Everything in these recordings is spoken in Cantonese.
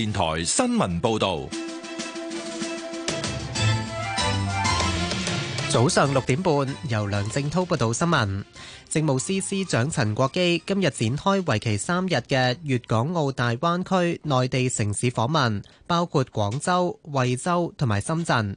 電台新聞報道，早上六點半，由梁正滔報道新聞。政務司司長陳國基今日展開為期三日嘅粵港澳大灣區內地城市訪問，包括廣州、惠州同埋深圳。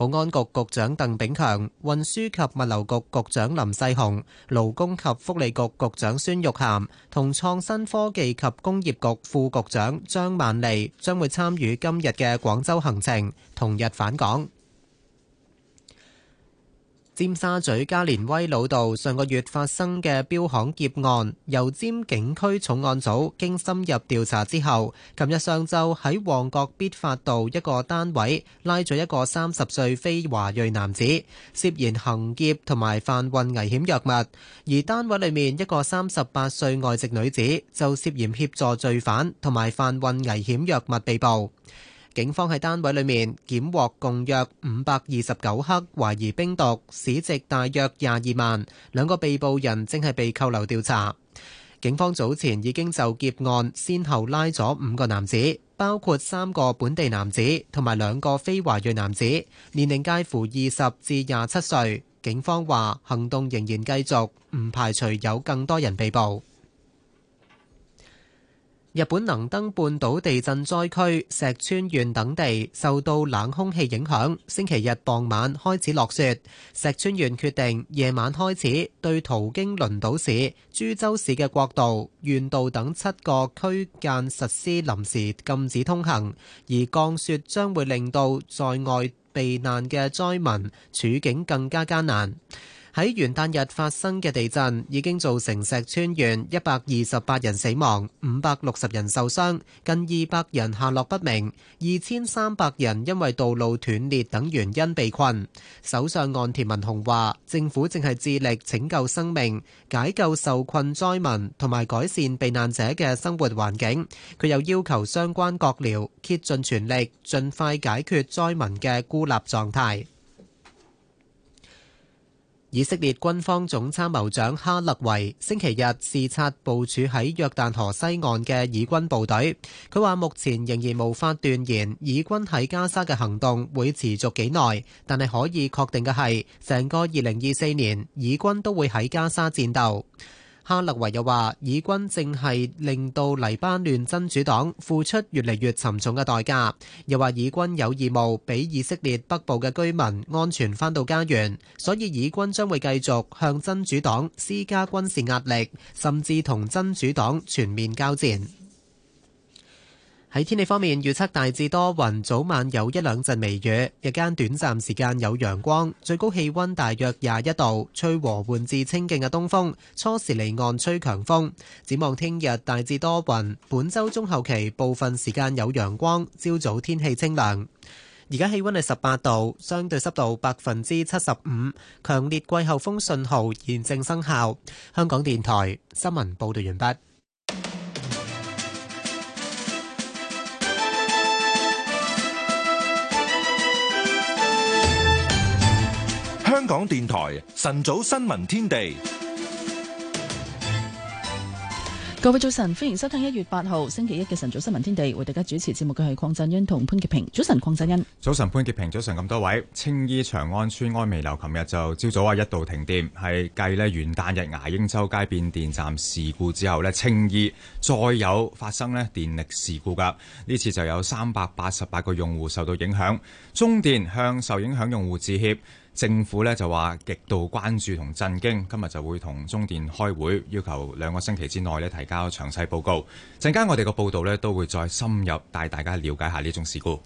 保安局局長鄧炳強、運輸及物流局局長林世雄、勞工及福利局局長孫玉菡、同創新科技及工業局副局長張萬利將會參與今日嘅廣州行程，同日返港。尖沙咀加連威老道上個月發生嘅標行劫案，由油尖警區重案組經深入調查之後，琴日上晝喺旺角必發道一個單位拉咗一個三十歲非華裔男子，涉嫌行劫同埋販運危險藥物；而單位裏面一個三十八歲外籍女子就涉嫌協助罪犯同埋販運危險藥物被捕。警方喺單位裏面檢獲共約五百二十九克懷疑冰毒，市值大約廿二萬。兩個被捕人正係被扣留調查。警方早前已經就劫案先後拉咗五個男子，包括三個本地男子同埋兩個非華裔男子，年齡介乎二十至廿七歲。警方話行動仍然繼續，唔排除有更多人被捕。日本能登半島地震災區石川縣等地受到冷空氣影響，星期日傍晚開始落雪。石川縣決定夜晚開始對途經輪島市、珠洲市嘅國道、縣道等七個區間實施臨時禁止通行，而降雪將會令到在外避難嘅災民處境更加艱難。喺元旦日發生嘅地震已經造成石川縣一百二十八人死亡、五百六十人受傷、近二百人下落不明、二千三百人因為道路斷裂等原因被困。首相岸田文雄話：政府正係致力拯救生命、解救受困災民同埋改善避難者嘅生活環境。佢又要求相關閣僚竭盡全力，盡快解決災民嘅孤立狀態。以色列軍方總參謀長哈勒維星期日視察部署喺約旦河西岸嘅以軍部隊。佢話：目前仍然無法斷言以軍喺加沙嘅行動會持續幾耐，但係可以確定嘅係，成個二零二四年，以軍都會喺加沙戰鬥。哈勒維又話，以軍正係令到黎巴嫩真主黨付出越嚟越沉重嘅代價，又話以軍有義務俾以色列北部嘅居民安全返到家園，所以以軍將會繼續向真主黨施加軍事壓力，甚至同真主黨全面交戰。喺天氣方面預測大致多雲，早晚有一兩陣微雨，日間短暫時間有陽光，最高氣溫大約廿一度，吹和緩至清勁嘅東風，初時離岸吹強風。展望聽日大致多雲，本週中後期部分時間有陽光，朝早天氣清涼。而家氣溫係十八度，相對濕度百分之七十五，強烈季候風信號現正生效。香港電台新聞報道完畢。港電台晨早新聞天地，各位早晨，歡迎收聽一月八號星期一嘅晨早新聞天地，為大家主持節目嘅係鄺振英同潘潔平。早晨，鄺振英。早晨，潘潔平。早晨咁多位。青衣長安村安眉樓，琴日就朝早啊一度停電，係繼呢元旦日牙鷹洲街變電站事故之後呢，青衣再有發生呢電力事故㗎。呢次就有三百八十八個用戶受到影響，中電向受影響用戶致歉。政府咧就話極度關注同震驚，今日就會同中電開會，要求兩個星期之內咧提交詳細報告。陣間我哋嘅報道咧都會再深入帶大家了解下呢種事故。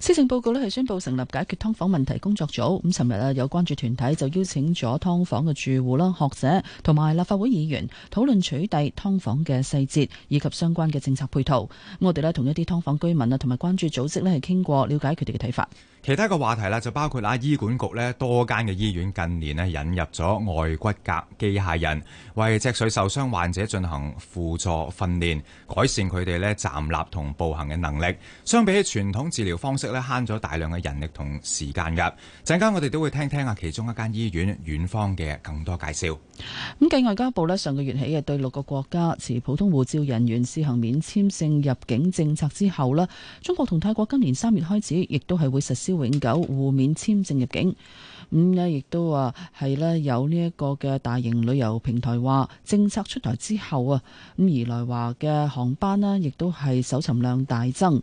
施政報告咧係宣布成立解決劏房問題工作組。咁尋日啊有關注團體就邀請咗劏房嘅住戶啦、學者同埋立法會議員討論取締劏房嘅細節，以及相關嘅政策配套。我哋咧同一啲劏房居民啊同埋關注組織咧係傾過，了解佢哋嘅睇法。其他嘅個話題啦，就包括啊醫管局咧多間嘅醫院近年咧引入咗外骨骼機械人，為脊髓受傷患者進行輔助訓練，改善佢哋咧站立同步行嘅能力。相比起傳統治療方式咧，慳咗大量嘅人力同時間噶。陣間我哋都會聽聽啊其中一間醫院院方嘅更多介紹。咁繼外交部咧上個月起啊，對六個國家持普通護照人員試行免簽證入境政策之後咧，中國同泰國今年三月開始，亦都係會實施永久互免簽證入境。咁、嗯、啊，亦都話係啦，有呢一個嘅大型旅遊平台話，政策出台之後啊，咁而來華嘅航班啦，亦都係搜尋量大增。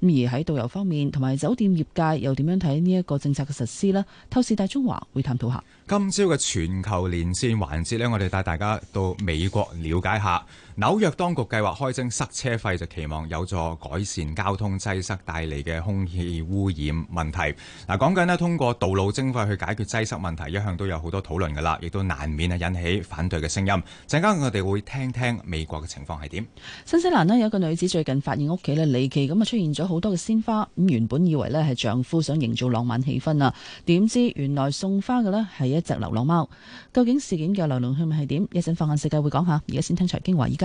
咁而喺導遊方面同埋酒店業界又點樣睇呢一個政策嘅實施呢？透視大中華會探討下。今朝嘅全球連線環節咧，我哋帶大家到美國了解下。紐約當局計劃開徵塞車費，就期望有助改善交通擠塞帶嚟嘅空氣污染問題。嗱、啊，講緊咧，通過道路徵費去解決擠塞問題，一向都有好多討論㗎喇，亦都難免啊引起反對嘅聲音。陣間我哋會聽聽美國嘅情況係點。新西蘭呢，有一個女子最近發現屋企呢離奇咁啊出現咗好多嘅鮮花，咁原本以為呢係丈夫想營造浪漫氣氛啊，點知原來送花嘅呢係一隻流浪貓。究竟事件嘅來龍去脈係點？一陣放眼世界會講下。而家先聽財經話，而家。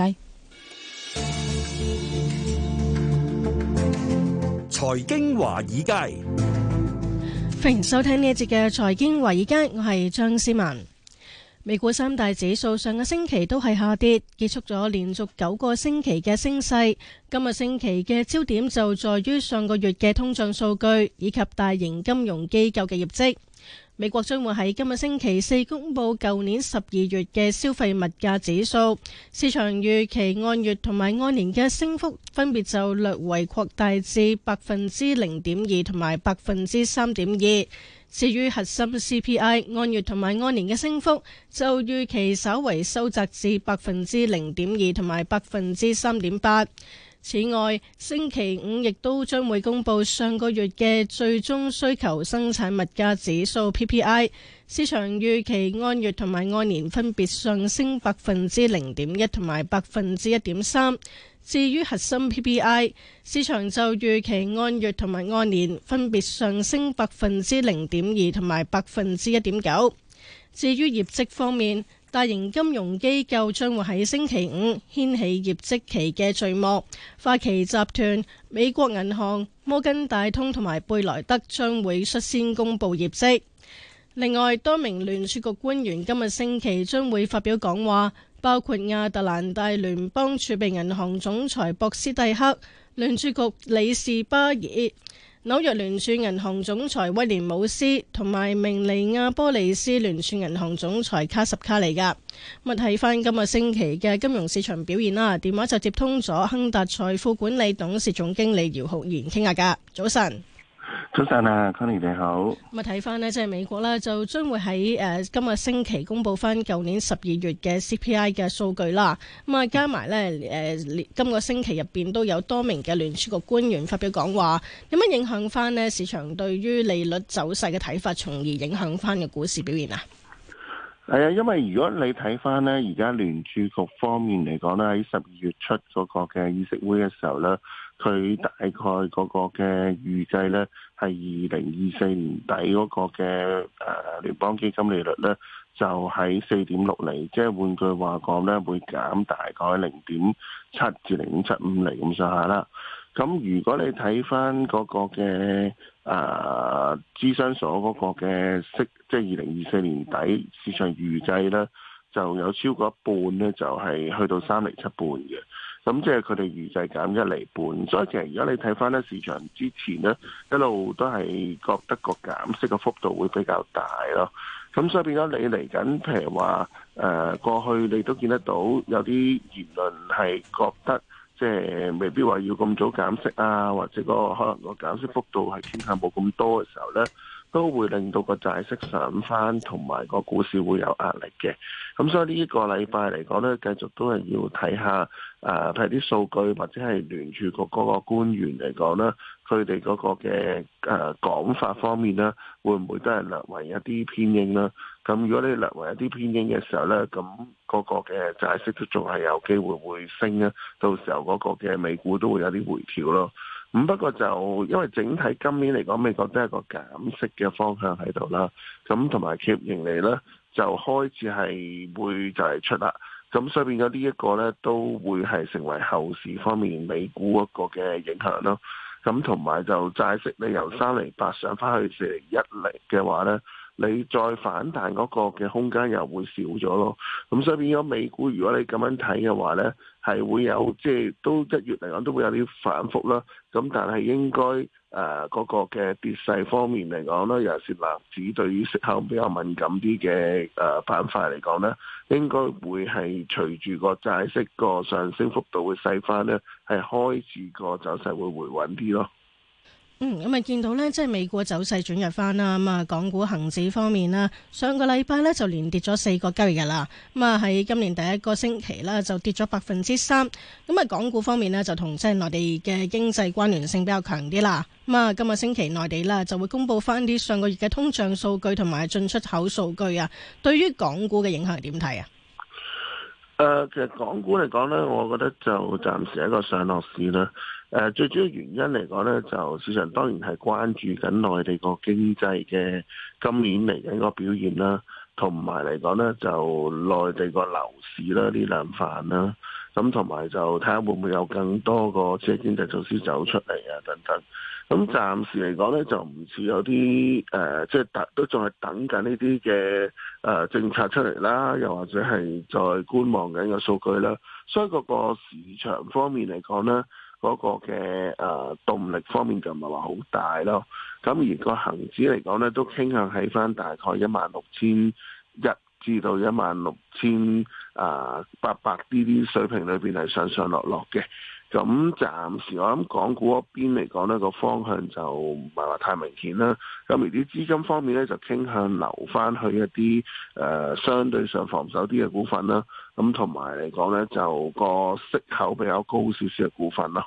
財經華爾街，歡迎 Thanks. 收聽呢一節嘅財經華爾街。我係張思文。美股三大指數上個星期都係下跌，結束咗連續九個星期嘅升勢。今個星期嘅焦點就在於上個月嘅通脹數據以及大型金融機構嘅業績。美國將會喺今日星期四公佈舊年十二月嘅消費物價指數，市場預期按月同埋按年嘅升幅分別就略為擴大至百分之零點二同埋百分之三點二。至於核心 CPI，按月同埋按年嘅升幅就預期稍為收窄至百分之零點二同埋百分之三點八。此外，星期五亦都將會公布上個月嘅最終需求生產物價指數 PPI，市場預期按月同埋按年分別上升百分之零點一同埋百分之一點三。至於核心 PPI，市場就預期按月同埋按年分別上升百分之零點二同埋百分之一點九。至於業績方面。大型金融機構將會喺星期五掀起業績期嘅序幕。花旗集團、美國銀行、摩根大通同埋貝萊德將會率先公布業績。另外，多名聯儲局官員今日星期將會發表講話，包括亞特蘭大聯邦儲備銀行總裁博斯蒂克、聯儲局理事巴爾。紐約聯儲銀行總裁威廉姆斯同埋明尼阿波利斯聯儲銀行總裁卡什卡利亞，咁睇翻今個星期嘅金融市場表現啦。電話就接通咗亨達財富管理董事總經理姚浩然傾下噶，早晨。早晨啊，Connie 你好。咁啊，睇翻，呢即係美國呢，就將會喺誒、呃、今個星期公布翻舊年十二月嘅 CPI 嘅數據啦。咁啊，加埋呢，誒、呃、今個星期入邊都有多名嘅聯儲局官員發表講話，有乜影響翻呢市場對於利率走勢嘅睇法，從而影響翻嘅股市表現啊？係啊，因為如果你睇翻呢，而家聯儲局方面嚟講呢，喺十二月出嗰個嘅議息會嘅時候呢。佢大概嗰個嘅預計呢，係二零二四年底嗰個嘅誒、啊、聯邦基金利率呢，就喺四點六厘。即係換句話講呢，會減大概零點七至零點七五厘，咁上下啦。咁如果你睇翻嗰個嘅誒資生所嗰個嘅息，即係二零二四年底市場預計呢，就有超過一半呢，就係、係、去到三厘七半嘅。咁即係佢哋預製減一厘半，所以其實而家你睇返呢，市場之前呢，一路都係覺得個減息嘅幅度會比較大咯。咁所以變咗你嚟緊，譬如話誒過去你都見得到有啲言論係覺得即係未必話要咁早減息啊，或者個可能個減息幅度係傾向冇咁多嘅時候呢。都會令到個債息上翻，同埋個股市會有壓力嘅。咁所以禮呢一個禮拜嚟講咧，繼續都係要睇下譬如啲數據，或者係聯儲局嗰個官員嚟講咧，佢哋嗰個嘅誒講法方面咧，會唔會都係略為一啲偏硬咧？咁如果你略為一啲偏硬嘅時候咧，咁嗰個嘅債息都仲係有機會會升啦。到時候嗰個嘅美股都會有啲回調咯。咁不過就因為整體今年嚟講，美國都係一個減息嘅方向喺度啦。咁同埋 Keep 盈利咧，就開始係會就係出啦。咁所以變咗呢一個咧，都會係成為後市方面美股一個嘅影響咯。咁同埋就債息你，你由三厘八上返去四厘一厘嘅話咧，你再反彈嗰個嘅空間又會少咗咯。咁所以變咗美股，如果你咁樣睇嘅話咧。係會有即係都一月嚟講都會有啲反覆啦，咁但係應該誒嗰、呃那個嘅跌勢方面嚟講咧，尤其是藍籌對於息口比較敏感啲嘅誒板塊嚟講咧，應該會係隨住個債息個上升幅度嘅細化咧，係開始個走勢會回穩啲咯。嗯，咁啊見到咧，即係美股走勢轉弱翻啦。咁啊，港股恒指方面咧，上個禮拜咧就連跌咗四個交易日啦。咁啊，喺今年第一個星期咧就跌咗百分之三。咁啊，港股方面咧就同即係內地嘅經濟關聯性比較強啲啦。咁啊，今個星期內地啦就會公布翻啲上個月嘅通脹數據同埋進出口數據啊，對於港股嘅影響係點睇啊？誒、呃，其實港股嚟講咧，我覺得就暫時係一個上落市啦。誒、呃，最主要原因嚟講咧，就市場當然係關注緊內地個經濟嘅今年嚟緊個表現啦，同埋嚟講咧就內地個樓市啦，呢兩範啦。咁同埋就睇下會唔會有更多個即係經濟措施走出嚟啊，等等。咁暫時嚟講咧，就唔似有啲誒、呃，即係等都仲係等緊呢啲嘅誒政策出嚟啦，又或者係在觀望緊個數據啦。所以個個市場方面嚟講咧，嗰、那個嘅誒、呃、動力方面就唔係話好大咯。咁而個恒指嚟講咧，都傾向喺翻大概一萬六千一至到一萬六千啊八百呢啲水平裏邊係上上落落嘅。咁暫時我諗港股一邊嚟講，呢個方向就唔係話太明顯啦。咁而啲資金方面呢，就傾向留翻去一啲誒、呃、相對上防守啲嘅股份啦。咁同埋嚟講呢就個息口比較高少少嘅股份咯。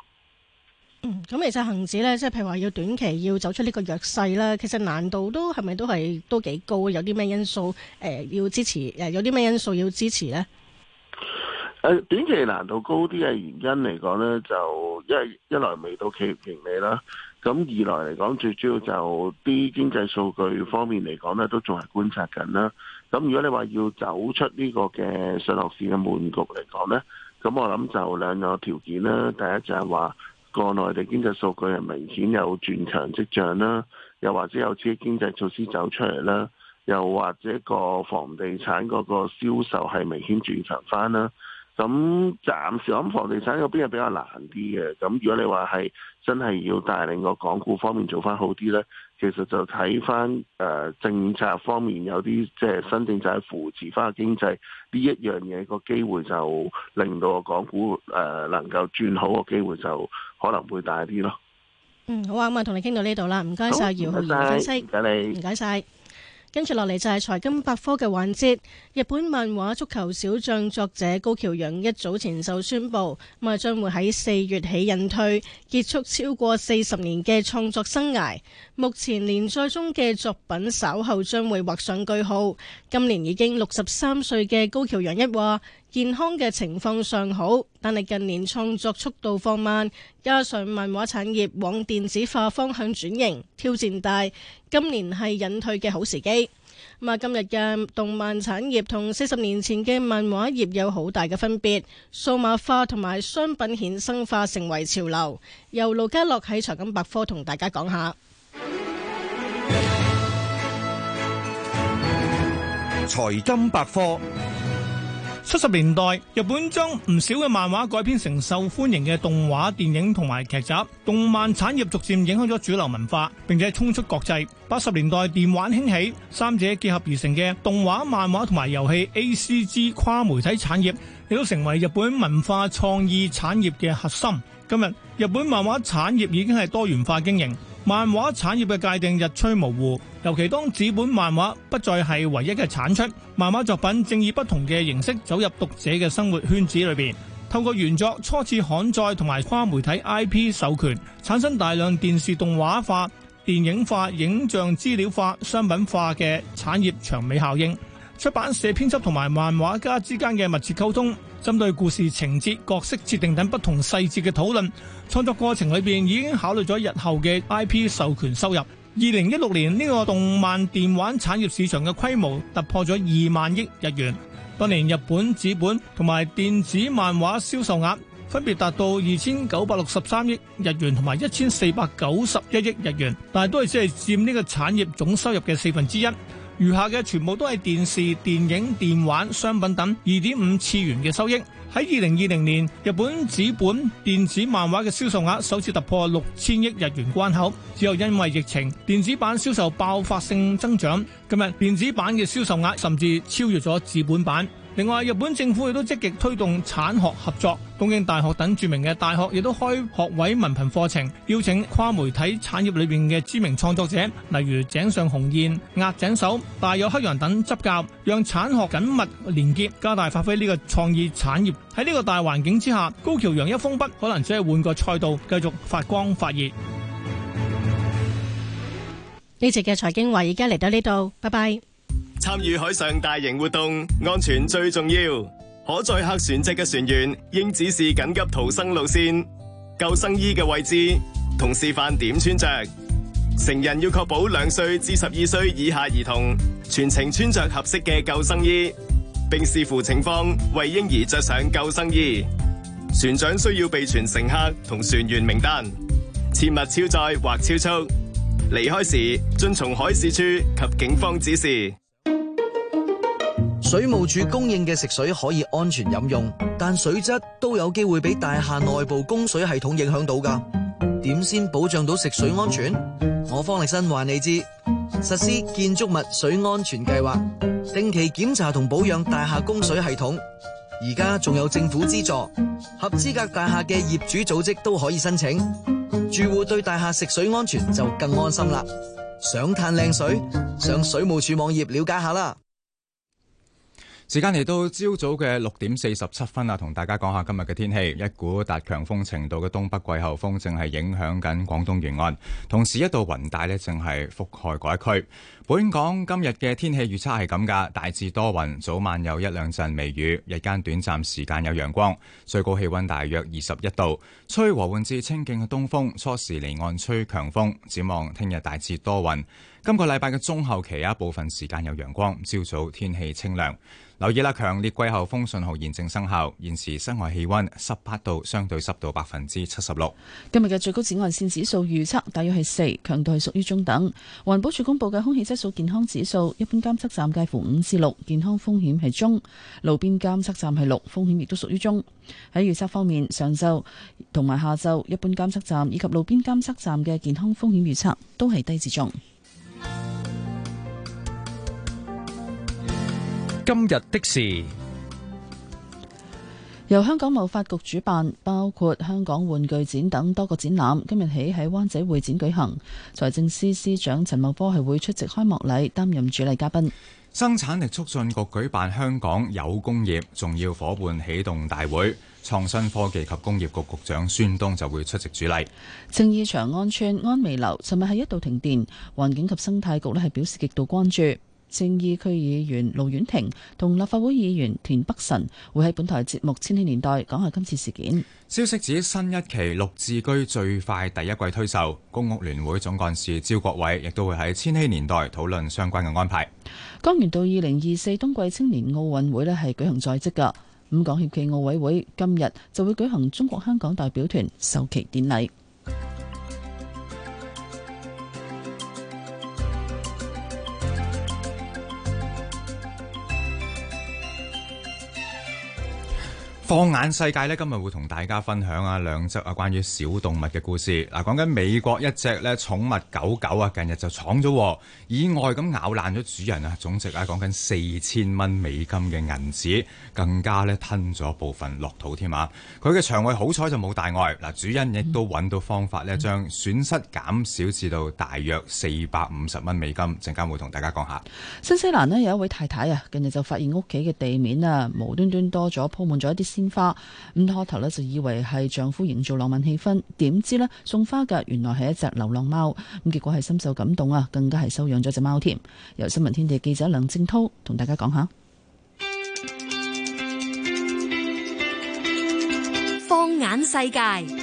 嗯，咁其實恆指呢，即係譬如話要短期要走出呢個弱勢啦，其實難度都係咪都係都幾高？有啲咩因素誒、呃、要支持？誒有啲咩因素要支持呢？誒短期難度高啲嘅原因嚟講咧，就因為一一來未到企業盈利啦，咁二來嚟講，最主要就啲經濟數據方面嚟講咧，都仲係觀察緊啦。咁如果你話要走出呢個嘅上落市嘅悶局嚟講咧，咁我諗就兩個條件啦。第一就係話國內嘅經濟數據係明顯有轉強跡象啦，又或者有刺激經濟措施走出嚟啦，又或者個房地產嗰個銷售係明顯轉強翻啦。咁暫時諗房地產嗰邊係比較難啲嘅。咁如果你話係真係要帶領個港股方面做翻好啲呢，其實就睇翻誒政策方面有啲即係新政策扶持翻個經濟呢一樣嘢，個機會就令到個港股誒能夠轉好個機會就可能會大啲咯。嗯，好啊，咁啊同你傾到呢度啦，唔該晒姚浩東分析，唔該你，唔該晒。謝謝。跟住落嚟就係財經百科嘅環節。日本漫畫足球小將作者高橋陽一早前就宣布，咁啊將會喺四月起引退，結束超過四十年嘅創作生涯。目前連載中嘅作品稍後將會畫上句號。今年已經六十三歲嘅高橋陽一話，健康嘅情況尚好，但係近年創作速度放慢，加上漫畫產業往電子化方向轉型，挑戰大。今年係引退嘅好時機。咁啊，今日嘅動漫產業同四十年前嘅漫畫業有好大嘅分別，數碼化同埋商品衍生化成為潮流。由盧家樂喺財金百科同大家講下。財金百科。七十年代，日本將唔少嘅漫畫改編成受歡迎嘅動畫電影同埋劇集，動漫產業逐漸影響咗主流文化，並且衝出國際。八十年代電玩興起，三者結合而成嘅動畫漫畫同埋遊戲 ACG 跨媒體產業亦都成為日本文化創意產業嘅核心。今日日本漫畫產業已經係多元化經營。漫畫產業嘅界定日趨模糊，尤其當紙本漫畫不再係唯一嘅產出，漫畫作品正以不同嘅形式走入讀者嘅生活圈子裏邊。透過原作初次刊載同埋跨媒體 IP 授權，產生大量電視動畫化、電影化、影像資料化、商品化嘅產業長尾效應。出版社編輯同埋漫畫家之間嘅密切溝通。針對故事情節、角色設定等不同細節嘅討論，創作過程裏邊已經考慮咗日後嘅 I P 授權收入。二零一六年呢個動漫電玩產業市場嘅規模突破咗二萬億日元。當年日本紙本同埋電子漫畫銷售額分別達到二千九百六十三億日元同埋一千四百九十一億日元，但係都係只係占呢個產業總收入嘅四分之一。餘下嘅全部都係電視、電影、電玩商品等二點五次元嘅收益。喺二零二零年，日本紙本電子漫畫嘅銷售額首次突破六千億日元關口。之後，因為疫情，電子版銷售爆發性增長。今日電子版嘅銷售額甚至超越咗紙本版。另外，日本政府亦都積極推動產學合作，東京大學等著名嘅大學亦都開學位文憑課程，邀請跨媒體產業裏面嘅知名創作者，例如井上雄彥、押井守、大友克洋等執教，讓產學緊密連結，加大發揮呢個創意產業。喺呢個大環境之下，高橋洋一封筆，可能只係換個賽道，繼續發光發熱。呢集嘅財經話，而家嚟到呢度，拜拜。參與海上大型活動，安全最重要。可載客船隻嘅船員應指示緊急逃生路線、救生衣嘅位置同示範點穿着。成人要確保兩歲至十二歲以下兒童全程穿着合適嘅救生衣，並視乎情況為嬰兒着上救生衣。船長需要備存乘，乘客同船員名單。切勿超載或超速。離開時遵從海事處及警方指示。水務署供應嘅食水可以安全飲用，但水質都有機會俾大廈內部供水系統影響到噶。點先保障到食水安全？我方力申話你知，實施建築物水安全計劃，定期檢查同保養大廈供水系統。而家仲有政府資助，合資格大廈嘅業主組織都可以申請。住戶對大廈食水安全就更安心啦。想嘆靚水，上水務署網頁了解下啦。時間嚟到朝早嘅六點四十七分啊，同大家講下今日嘅天氣。一股達強風程度嘅東北季候風正係影響緊廣東沿岸，同時一度雲帶呢正係覆蓋該區。本港今日嘅天氣預測係咁噶，大致多雲，早晚有一兩陣微雨，日間短暫時間有陽光，最高氣溫大約二十一度，吹和緩至清勁嘅東風，初時離岸吹強風，展望聽日大致多雲。今個禮拜嘅中後期一、啊、部分時間有陽光，朝早天氣清涼。留意啦，強烈季候風信號現正生效，現時室外氣溫十八度，相對濕度百分之七十六。今日嘅最高紫外線指數預測大約係四，強度係屬於中等。環保署公布嘅空氣質素健康指數，一般監測站介乎五至六，健康風險係中；路邊監測站係六，風險亦都屬於中。喺預測方面，上晝同埋下晝，一般監測站以及路邊監測站嘅健康風險預測都係低至中。今日的事由香港貿發局主辦，包括香港玩具展等多個展覽，今日起喺灣仔會展舉行。財政司司司長陳茂波係會出席開幕禮，擔任主禮嘉賓。生產力促進局舉辦香港有工業重要伙伴啟動大會。創新科技及工業局局長孫東就會出席主禮。正義長安村安美樓尋日係一度停電，環境及生態局咧係表示極度關注。正義區議員盧婉婷同立法會議員田北辰會喺本台節目《千禧年代》講下今次事件。消息指新一期綠置居最快第一季推售，公屋聯會總幹事招國偉亦都會喺《千禧年代》討論相關嘅安排。江原道二零二四冬季青年奧運會咧係舉行在即噶。五港協暨奧委會今日就會舉行中國香港代表團授旗典禮。放眼世界咧，今日會同大家分享啊兩則啊關於小動物嘅故事。嗱、啊，講緊美國一隻咧寵物狗狗啊，近日就闖咗禍，意外咁咬爛咗主人啊，總值啊講緊四千蚊美金嘅銀紙，更加咧吞咗部分落肚添啊！佢嘅腸胃好彩就冇大礙，嗱，主人亦都揾到方法咧，將損失減少至到大約四百五十蚊美金。陣間會同大家講下。新西蘭咧有一位太太啊，近日就發現屋企嘅地面啊無端端多咗鋪滿咗一啲花咁開頭呢就以為係丈夫營造浪漫氣氛，點知呢？送花嘅原來係一隻流浪貓咁，結果係深受感動啊，更加係收養咗隻貓添。由新聞天地記者梁正濤同大家講下。放眼世界。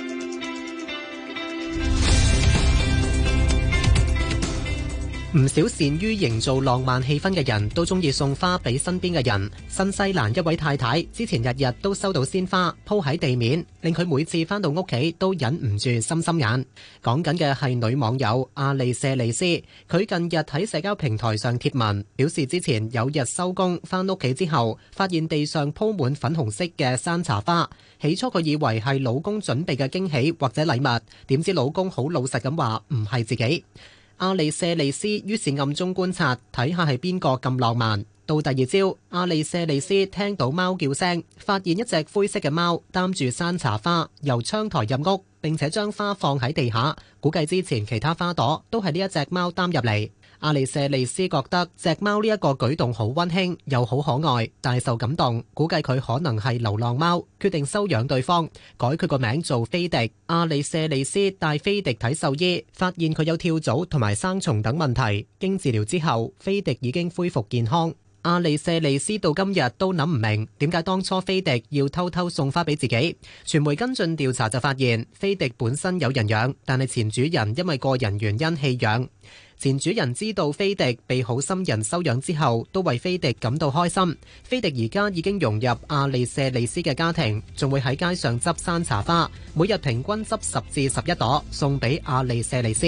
唔少善於營造浪漫氣氛嘅人都中意送花俾身邊嘅人。新西蘭一位太太之前日日都收到鮮花鋪喺地面，令佢每次返到屋企都忍唔住心心眼。講緊嘅係女網友阿里舍利斯，佢近日喺社交平台上貼文表示，之前有日收工返屋企之後，發現地上鋪滿粉紅色嘅山茶花。起初佢以為係老公準備嘅驚喜或者禮物，點知老公好老實咁話唔係自己。阿里舍利斯於是暗中觀察，睇下係邊個咁浪漫。到第二朝，阿里舍利斯聽到貓叫聲，發現一隻灰色嘅貓擔住山茶花，由窗台入屋，並且將花放喺地下。估計之前其他花朵都係呢一隻貓擔入嚟。阿里舍利斯覺得隻貓呢一個舉動好溫馨，又好可愛，大受感動。估計佢可能係流浪貓，決定收養對方，改佢個名做菲迪。阿里舍利斯帶菲迪睇獸醫，發現佢有跳蚤同埋生蟲等問題，經治療之後，菲迪已經恢復健康。阿里舍利斯到今日都諗唔明點解當初菲迪要偷偷送花俾自己。傳媒跟進調查就發現，菲迪本身有人養，但係前主人因為個人原因棄養。前主人知道菲迪被好心人收養之後，都為菲迪感到開心。菲迪而家已經融入阿利舍利斯嘅家庭，仲會喺街上執山茶花，每日平均執十至十一朵，送俾阿利舍利斯。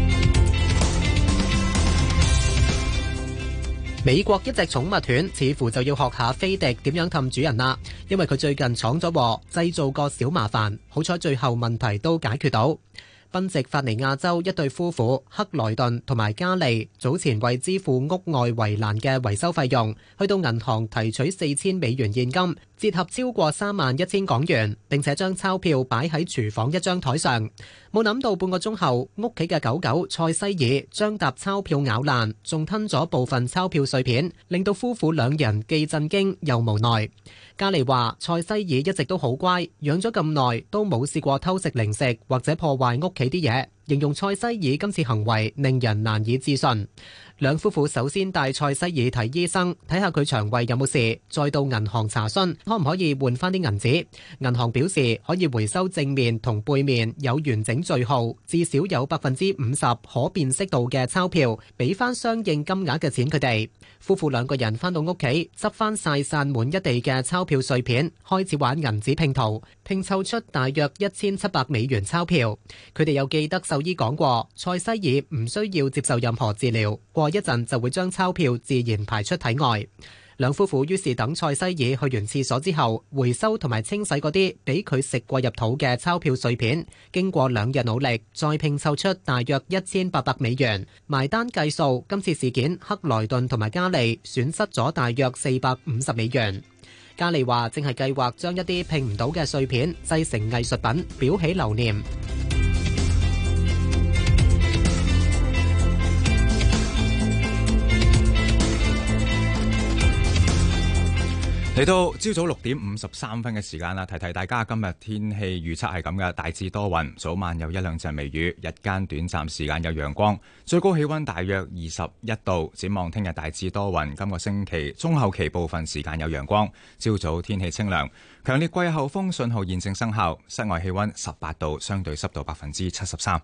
美國一隻寵物犬似乎就要學下菲迪點樣氹主人啦，因為佢最近闖咗禍，製造個小麻煩，好彩最後問題都解決到。賓夕法尼亞州一對夫婦克萊頓同埋加利早前為支付屋外圍欄嘅維修費用，去到銀行提取四千美元現金。折合超過三萬一千港元，並且將鈔票擺喺廚房一張台上，冇諗到半個鐘後，屋企嘅狗狗塞西爾將沓鈔票咬爛，仲吞咗部分鈔票碎片，令到夫婦兩人既震驚又無奈。嘉尼話：塞西爾一直都好乖，養咗咁耐都冇試過偷食零食或者破壞屋企啲嘢，形容塞西爾今次行為令人難以置信。兩夫婦首先帶塞西爾睇醫生，睇下佢腸胃有冇事，再到銀行查詢可唔可以換翻啲銀紙。銀行表示可以回收正面同背面有完整序號、至少有百分之五十可辨識度嘅鈔票，俾翻相應金額嘅錢佢哋。夫婦兩個人返到屋企，執翻晒散滿一地嘅鈔票碎片，開始玩銀紙拼圖，拼湊出大約一千七百美元鈔票。佢哋又記得獸醫講過，塞西爾唔需要接受任何治療。過一陣就會將鈔票自然排出體外。兩夫婦於是等塞西爾去完廁所之後，回收同埋清洗嗰啲俾佢食過入肚嘅鈔票碎片。經過兩日努力，再拼湊出大約一千八百美元。埋單計數，今次事件克萊頓同埋加利損失咗大約四百五十美元。加利話正係計劃將一啲拼唔到嘅碎片製成藝術品，表起留念。嚟到朝早六點五十三分嘅時間啦，提提大家今日天，天氣預測係咁嘅，大致多雲，早晚有一兩陣微雨，日間短暫時間有陽光，最高氣溫大約二十一度。展望聽日大致多雲，今個星期中後期部分時間有陽光，朝早天氣清涼，強烈季候風信號現正生效，室外氣溫十八度，相對濕度百分之七十三。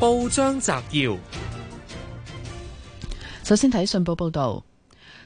報章摘要。首先睇信報報導，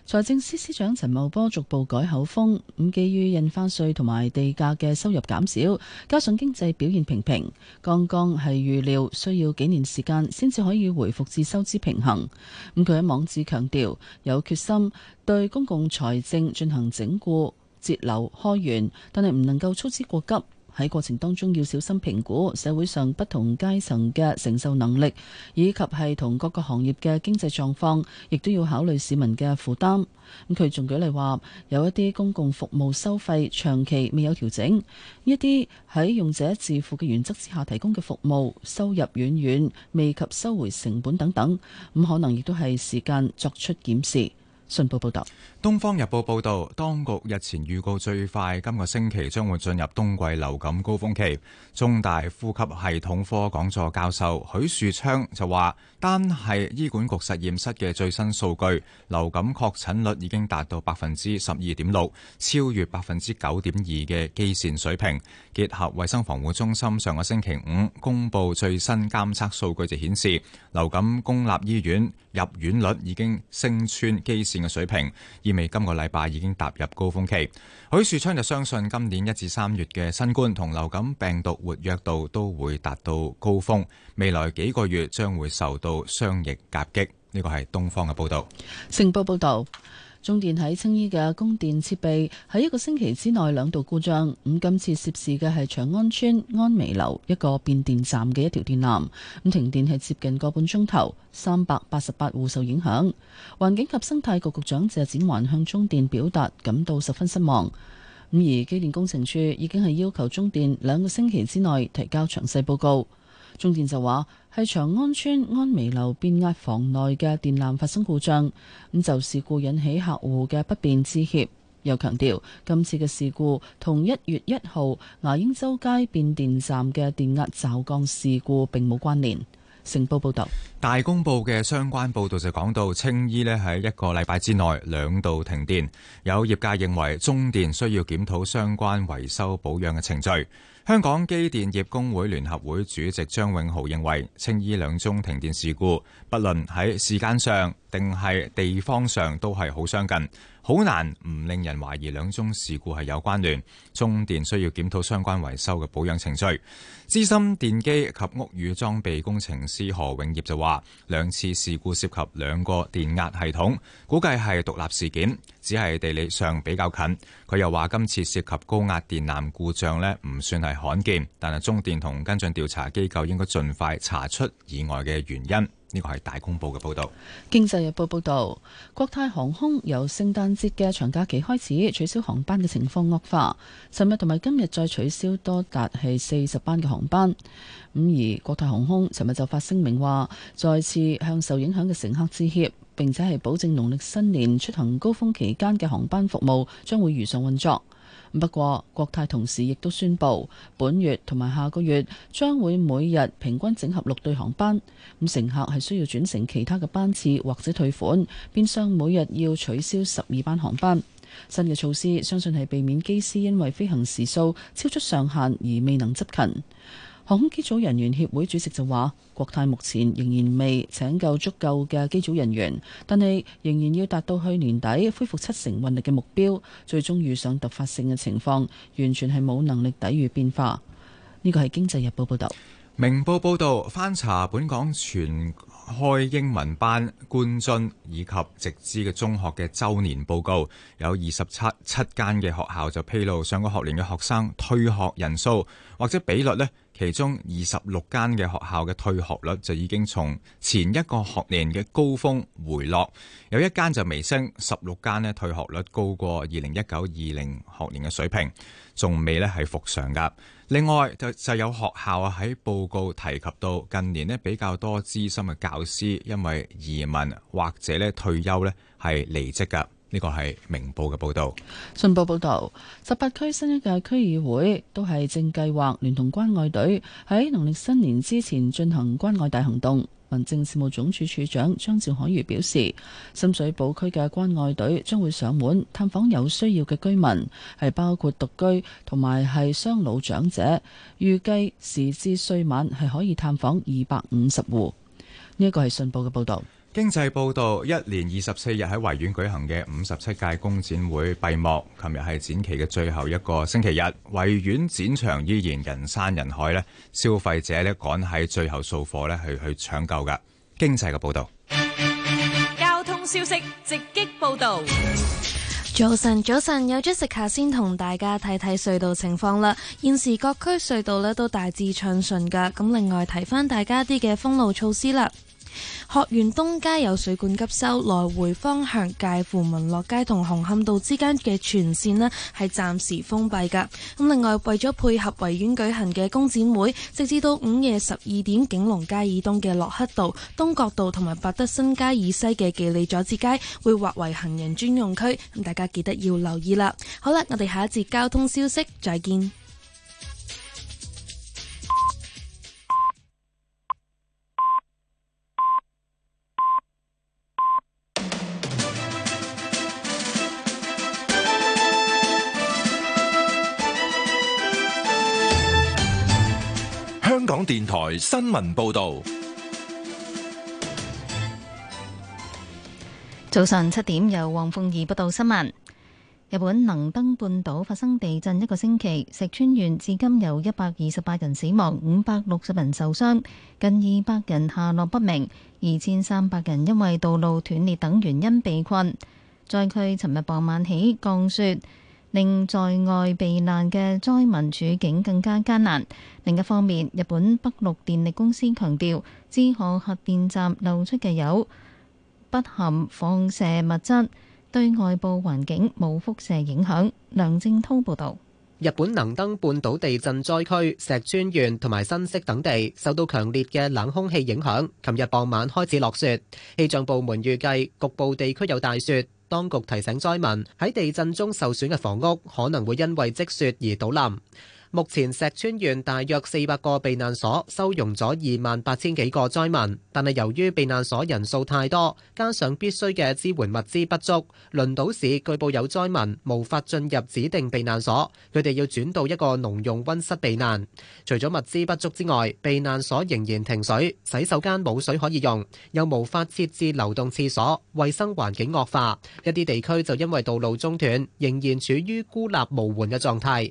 財政司司長陳茂波逐步改口風，咁基於印花稅同埋地價嘅收入減少，加上經濟表現平平，剛剛係預料需要幾年時間先至可以回復至收支平衡。咁佢喺網誌強調，有決心對公共財政進行整固、節流、開源，但係唔能夠操之過急。喺過程當中要小心評估社會上不同階層嘅承受能力，以及係同各個行業嘅經濟狀況，亦都要考慮市民嘅負擔。咁佢仲舉例話，有一啲公共服務收費長期未有調整，一啲喺用者自付嘅原則之下提供嘅服務，收入遠遠未及收回成本等等，咁可能亦都係時間作出檢視。信報報道。《東方日報》報道，當局日前預告最快今個星期將會進入冬季流感高峰期。中大呼吸系統科講座教授許樹昌就話，單係醫管局實驗室嘅最新數據，流感確診率已經達到百分之十二點六，超越百分之九點二嘅基綫水平。結合衛生防護中心上個星期五公布最新監測數據就顯示，流感公立醫院入院率已經升穿基綫嘅水平。意味，今個禮拜已經踏入高峰期，許樹昌就相信今年一至三月嘅新冠同流感病毒活躍度都會達到高峰，未來幾個月將會受到雙疫夾擊。呢、這個係東方嘅報道，成報報道。中電喺青衣嘅供電設備喺一個星期之內兩度故障，咁今次涉事嘅係長安村安眉樓一個變電站嘅一條電纜，咁停電係接近個半鐘頭，三百八十八戶受影響。環境及生態局局長謝展寰向中電表達感到十分失望，咁而機電工程處已經係要求中電兩個星期之內提交詳細報告。中電就話係長安村安眉樓變壓房內嘅電纜發生故障，咁就事故引起客戶嘅不便致歉，又強調今次嘅事故同一月一號牙鷹洲街變電站嘅電壓驟降事故並冇關聯。成報報道大公報嘅相關報道就講到青衣咧喺一個禮拜之內兩度停電，有業界認為中電需要檢討相關維修保養嘅程序。香港機電業工會聯合會主席張永豪認為，青衣兩宗停電事故，不論喺時間上，定係地方上，都係好相近。好難唔令人懷疑兩宗事故係有關聯。中電需要檢討相關維修嘅保養程序。資深電機及屋宇裝備工程師何永業就話，兩次事故涉及兩個電壓系統，估計係獨立事件，只係地理上比較近。佢又話，今次涉及高壓電纜故障呢，唔算係罕見，但係中電同跟進調查機構應該盡快查出意外嘅原因。呢個係大公報嘅報導。《經濟日報》報導，國泰航空由聖誕節嘅長假期開始取消航班嘅情況惡化，尋日同埋今日再取消多達係四十班嘅航班。咁而國泰航空尋日就發聲明話，再次向受影響嘅乘客致歉，並且係保證農曆新年出行高峰期間嘅航班服務將會如常運作。不過，國泰同時亦都宣布，本月同埋下個月將會每日平均整合六對航班。咁乘客係需要轉乘其他嘅班次或者退款，變相每日要取消十二班航班。新嘅措施相信係避免機師因為飛行時數超出上限而未能執勤。航空機組人員協會主席就話：國泰目前仍然未請夠足夠嘅機組人員，但係仍然要達到去年底恢復七成運力嘅目標。最終遇上突發性嘅情況，完全係冇能力抵禦變化。呢、這個係《經濟日報》報道。明報報道，翻查本港全開英文班官津以及直資嘅中學嘅周年報告，有二十七七間嘅學校就披露上個學年嘅學生退學人數或者比率呢。其中二十六間嘅學校嘅退學率就已經從前一個學年嘅高峰回落，有一間就微升，十六間咧退學率高過二零一九二零學年嘅水平，仲未咧係復常噶。另外就就有學校喺報告提及到近年咧比較多資深嘅教師因為移民或者咧退休咧係離職噶。呢個係明報嘅報導。信報報導，十八區新一屆區議會都係正計劃聯同關愛隊喺農曆新年之前進行關愛大行動。民政事務總署署長張肇海如表示，深水埗區嘅關愛隊將會上門探訪有需要嘅居民，係包括獨居同埋係雙老長者。預計時至歲晚係可以探訪二百五十戶。呢、這、一個係信報嘅報導。經濟報道，一年二十四日喺維園舉行嘅五十七屆工展會閉幕，琴日係展期嘅最後一個星期日，維園展場依然人山人海咧，消費者咧趕喺最後掃貨咧，去去搶救噶經濟嘅報道。交通消息直擊報道，早晨早晨，有 Jessica 先，同大家睇睇隧道情況啦。現時各區隧道咧都大致暢順噶，咁另外提返大家啲嘅封路措施啦。學園東街有水管急修，來回方向介乎民樂街同紅磡道之間嘅全線呢係暫時封閉噶。咁另外為咗配合維園舉行嘅工展會，直至到午夜十二點，景隆街以東嘅洛克道、東角道同埋百德新街以西嘅紀利佐治街會劃為行人專用區。咁大家記得要留意啦。好啦，我哋下一節交通消息再見。香港電台新聞報道，早晨七點，由黃鳳儀報道新聞。日本能登半島發生地震一個星期，石川縣至今有一百二十八人死亡，五百六十人受傷，近二百人下落不明，二千三百人因為道路斷裂等原因被困。災區尋日傍晚起降雪。令在外避難嘅災民處境更加艱難。另一方面，日本北陸電力公司強調，志賀核電站漏出嘅油不含放射物質，對外部環境冇輻射影響。梁正滔報導，日本能登半島地震災區石川縣同埋新潟等地受到強烈嘅冷空氣影響，琴日傍晚開始落雪，氣象部門預計局部地區有大雪。當局提醒災民，喺地震中受損嘅房屋可能會因為積雪而倒冧。目前石川縣大約四百個避難所收容咗二萬八千幾個災民，但係由於避難所人數太多，加上必須嘅支援物資不足，輪島市據報有災民無法進入指定避難所，佢哋要轉到一個農用溫室避難，除咗物資不足之外，避難所仍然停水，洗手間冇水可以用，又無法設置流動廁所，衛生環境惡化。一啲地區就因為道路中斷仍然處於孤立無援嘅狀態。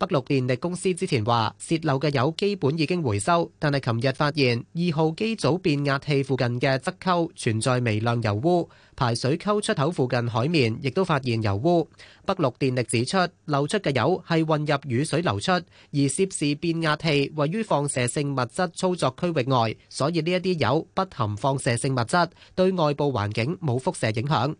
北陸電力公司之前話，泄漏嘅油基本已經回收，但係琴日發現二號機組變壓器附近嘅側溝存在微量油污，排水溝出口附近海面亦都發現油污。北陸電力指出，漏出嘅油係混入雨水流出，而涉事變壓器位於放射性物質操作區域外，所以呢一啲油不含放射性物質，對外部環境冇輻射影響。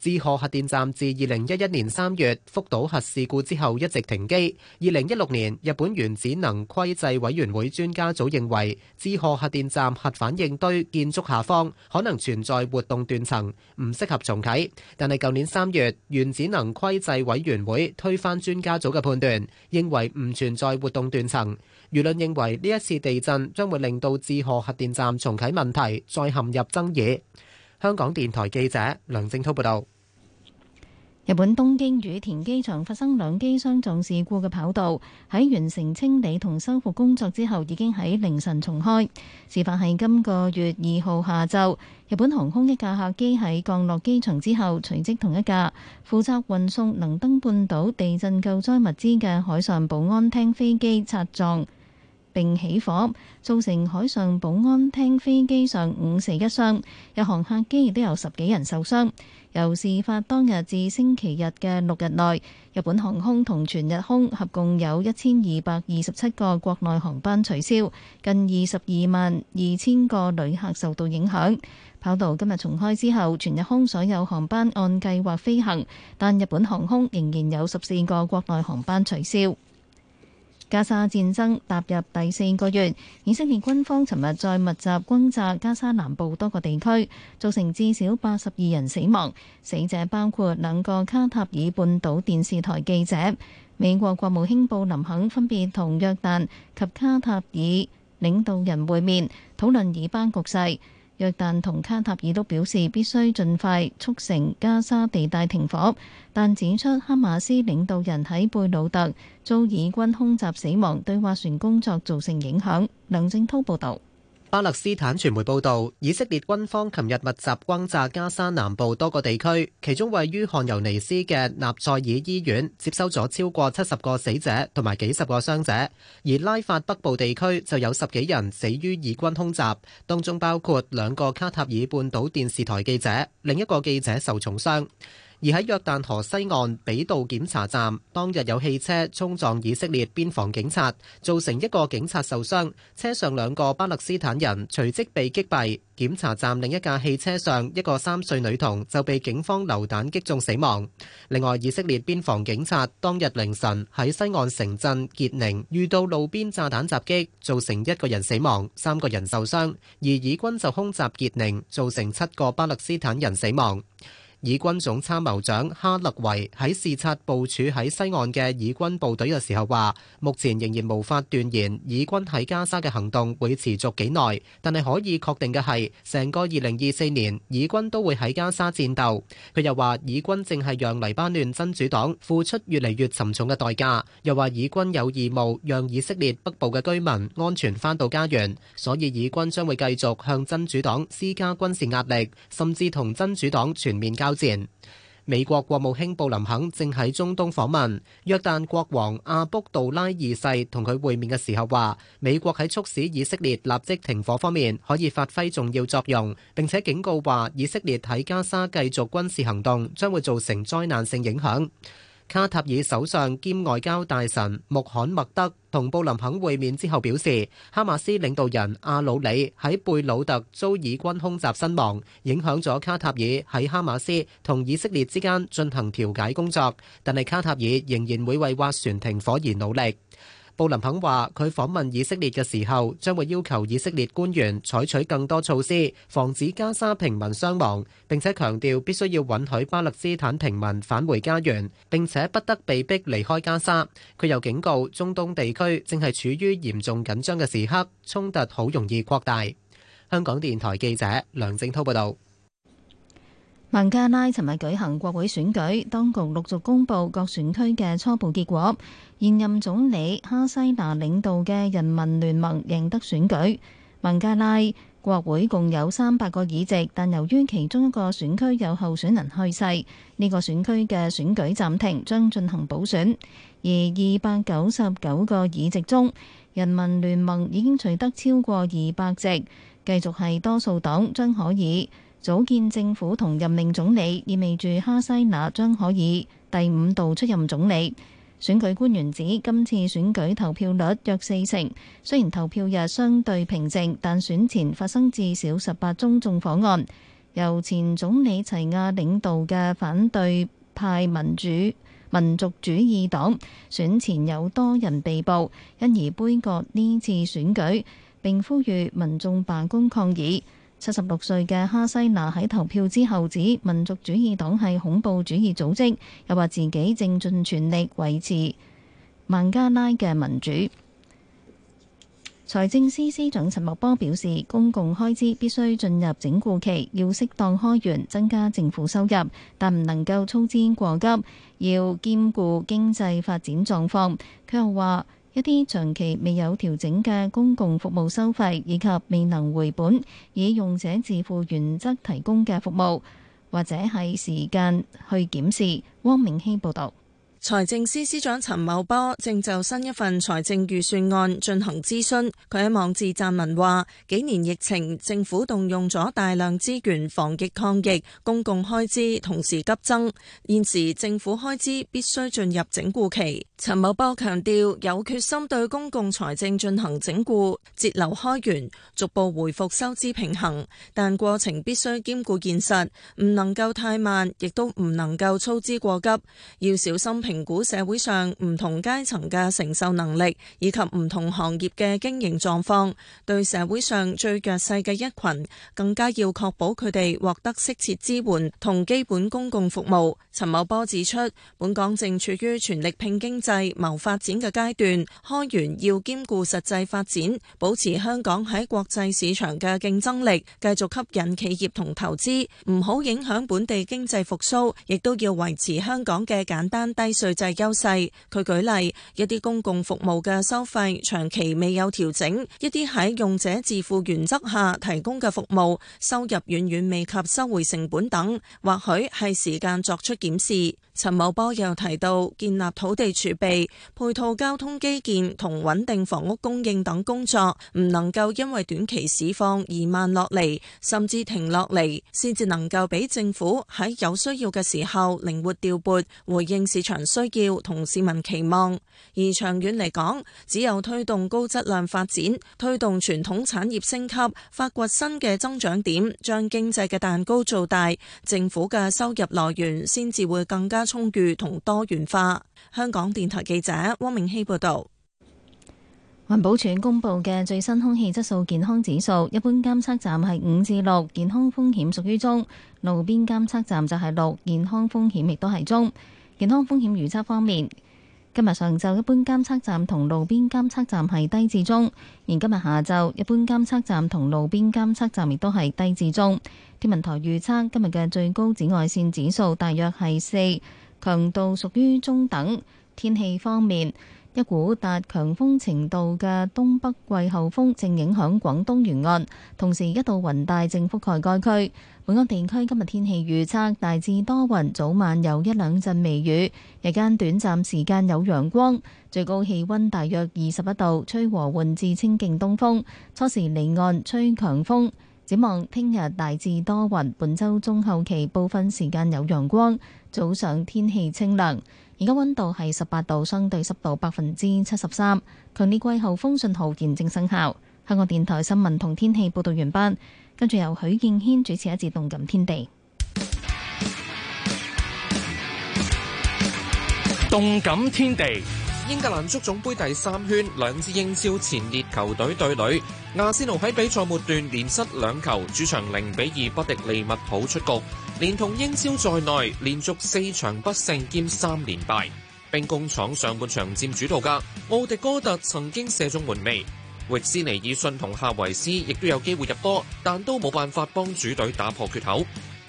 志賀核電站自二零一一年三月福島核事故之後一直停機。二零一六年，日本原子能規制委員會專家組認為，志賀核電站核反應堆建築下方可能存在活動斷層，唔適合重啟。但係舊年三月，原子能規制委員會推翻專家組嘅判斷，認為唔存在活動斷層。輿論認為呢一次地震將會令到志賀核電站重啟問題再陷入爭議。香港電台記者梁正濤報道，日本東京羽田機場發生兩機相撞事故嘅跑道喺完成清理同修復工作之後，已經喺凌晨重開。事發係今個月二號下晝，日本航空一架客機喺降落機場之後，隨即同一架負責運送能登半島地震救災物資嘅海上保安廳飛機擦撞。並起火，造成海上保安廳飛機上五死一傷，日航客機亦都有十幾人受傷。由事發當日至星期日嘅六日內，日本航空同全日空合共有一千二百二十七個國內航班取消，近二十二萬二千個旅客受到影響。跑道今日重開之後，全日空所有航班按計劃飛行，但日本航空仍然有十四個國內航班取消。加沙戰爭踏入第四個月，以色列軍方尋日再密集轟炸加沙南部多個地區，造成至少八十二人死亡，死者包括兩個卡塔爾半島電視台記者。美國國務卿布林肯分別同約旦及卡塔爾領導人會面，討論以巴局勢。約旦同卡塔爾都表示必須盡快促成加沙地帶停火，但指出哈馬斯領導人喺貝魯特遭以軍空襲死亡，對斡旋工作造成影響。梁正滔報導。巴勒斯坦傳媒報導，以色列軍方琴日密集轟炸加沙南部多個地區，其中位於汗尤尼斯嘅納賽爾醫院接收咗超過七十個死者同埋幾十個傷者，而拉法北部地區就有十幾人死於以軍空襲，當中包括兩個卡塔爾半島電視台記者，另一個記者受重傷。而喺約旦河西岸比道檢查站，當日有汽車衝撞以色列邊防警察，造成一個警察受傷；車上兩個巴勒斯坦人隨即被擊斃。檢查站另一架汽車上一個三歲女童就被警方流彈擊中死亡。另外，以色列邊防警察當日凌晨喺西岸城鎮傑寧遇到路邊炸彈襲擊，造成一個人死亡、三個人受傷。而以軍就空襲傑寧，造成七個巴勒斯坦人死亡。以軍總參謀長哈勒維喺視察部署喺西岸嘅以軍部隊嘅時候話：目前仍然無法斷言以軍喺加沙嘅行動會持續幾耐，但係可以確定嘅係，成個2024年以軍都會喺加沙戰鬥。佢又話：以軍正係讓黎巴嫩真主黨付出越嚟越沉重嘅代價。又話：以軍有義務讓以色列北部嘅居民安全返到家園，所以以軍將會繼續向真主黨施加軍事壓力，甚至同真主黨全面交。日美國國務卿布林肯正喺中東訪問，約旦國王阿卜杜拉二世同佢會面嘅時候話，美國喺促使以色列立即停火方面可以發揮重要作用。並且警告話，以色列喺加沙繼續軍事行動將會造成災難性影響。卡塔爾首相兼外交大臣穆罕默德同布林肯會面之後表示，哈馬斯領導人阿魯里喺貝魯特遭以軍空襲身亡，影響咗卡塔爾喺哈馬斯同以色列之間進行調解工作，但係卡塔爾仍然會為斡旋停火而努力。布林肯話：佢訪問以色列嘅時候，將會要求以色列官員採取更多措施，防止加沙平民傷亡。並且強調必須要允許巴勒斯坦平民返回家園，並且不得被迫離開加沙。佢又警告，中東地區正係處於嚴重緊張嘅時刻，衝突好容易擴大。香港電台記者梁正滔報道。孟加拉尋日舉行國會選舉，當局陸續公布各選區嘅初步結果。現任總理哈西娜領導嘅人民聯盟贏得選舉。孟加拉國會共有三百個議席，但由於其中一個選區有候選人去世，呢個選區嘅選舉暫停，將進行補選。而二百九十九個議席中，人民聯盟已經取得超過二百席，繼續係多數黨，將可以組建政府同任命總理，意味住哈西那將可以第五度出任總理。選舉官員指今次選舉投票率約四成，雖然投票日相對平靜，但選前發生至少十八宗縱火案。由前總理齊亞領導嘅反對派民主民族主義黨，選前有多人被捕，因而杯葛呢次選舉，並呼籲民眾罷工抗議。七十六歲嘅哈西娜喺投票之後指民族主義黨係恐怖主義組織，又話自己正盡全力維持孟加拉嘅民主。財政司司長陳茂波表示，公共開支必須進入整固期，要適當開源，增加政府收入，但唔能夠操之過急，要兼顧經濟發展狀況。佢又話，一啲長期未有調整嘅公共服務收費，以及未能回本以用者自付原則提供嘅服務，或者係時間去檢視。汪明希報導。財政司司長陳茂波正就新一份財政預算案進行諮詢。佢喺網誌撰文話：幾年疫情，政府動用咗大量資源防疫抗疫，公共開支同時急增。現時政府開支必須進入整固期。陳茂波強調，有決心對公共財政進行整固，節流開源，逐步回復收支平衡。但過程必須兼顧現實，唔能夠太慢，亦都唔能夠操之過急，要小心。評估社會上唔同階層嘅承受能力，以及唔同行業嘅經營狀況，對社會上最弱勢嘅一群，更加要確保佢哋獲得適切支援同基本公共服務。陳茂波指出，本港正處於全力拼經濟、謀發展嘅階段，開源要兼顧實際發展，保持香港喺國際市場嘅競爭力，繼續吸引企業同投資，唔好影響本地經濟復蘇，亦都要維持香港嘅簡單低稅制優勢，佢舉例，一啲公共服務嘅收費長期未有調整，一啲喺用者自付原則下提供嘅服務收入遠遠未及收回成本等，或許係時間作出檢視。陳茂波又提到，建立土地儲備、配套交通基建同穩定房屋供應等工作，唔能夠因為短期市況而慢落嚟，甚至停落嚟，先至能夠俾政府喺有需要嘅時候靈活調撥，回應市場需要同市民期望。而長遠嚟講，只有推動高質量發展，推動傳統產業升級，發掘新嘅增長點，將經濟嘅蛋糕做大，政府嘅收入來源先至會更加。充裕同多元化。香港電台記者汪明希報道。環保署公布嘅最新空氣質素健康指數，一般監測站係五至六，健康風險屬於中；路邊監測站就係六，健康風險亦都係中。健康風險預測方面，今日上晝一般監測站同路邊監測站係低至中，而今日下晝一般監測站同路邊監測站亦都係低至中。天文台預測今日嘅最高紫外線指數大約係四，強度屬於中等。天氣方面，一股達強風程度嘅東北季候風正影響廣東沿岸，同時一道雲帶正覆蓋該區。本港地區今日天，天氣預測大致多雲，早晚有一兩陣微雨，日間短暫時間有陽光，最高氣溫大約二十一度，吹和緩至清勁東風，初時離岸吹強風。展望聽日大致多雲，本週中後期部分時間有陽光，早上天氣清涼。而家溫度係十八度，相對濕度百分之七十三，強烈季候風信號現正生效。香港電台新聞同天氣報導完畢。跟住由許建軒主持一節動感天地。動感天地，天地英格蘭足總杯第三圈，兩支英超前列球隊對壘。亞仙奴喺比賽末段連失兩球，主場零比二不敵利物浦出局。連同英超在內，連續四場不勝兼三連敗。兵工廠上半場佔主導噶，奧迪哥特曾經射中門楣。維斯尼爾信同夏維斯亦都有機會入波，但都冇辦法幫主隊打破缺口。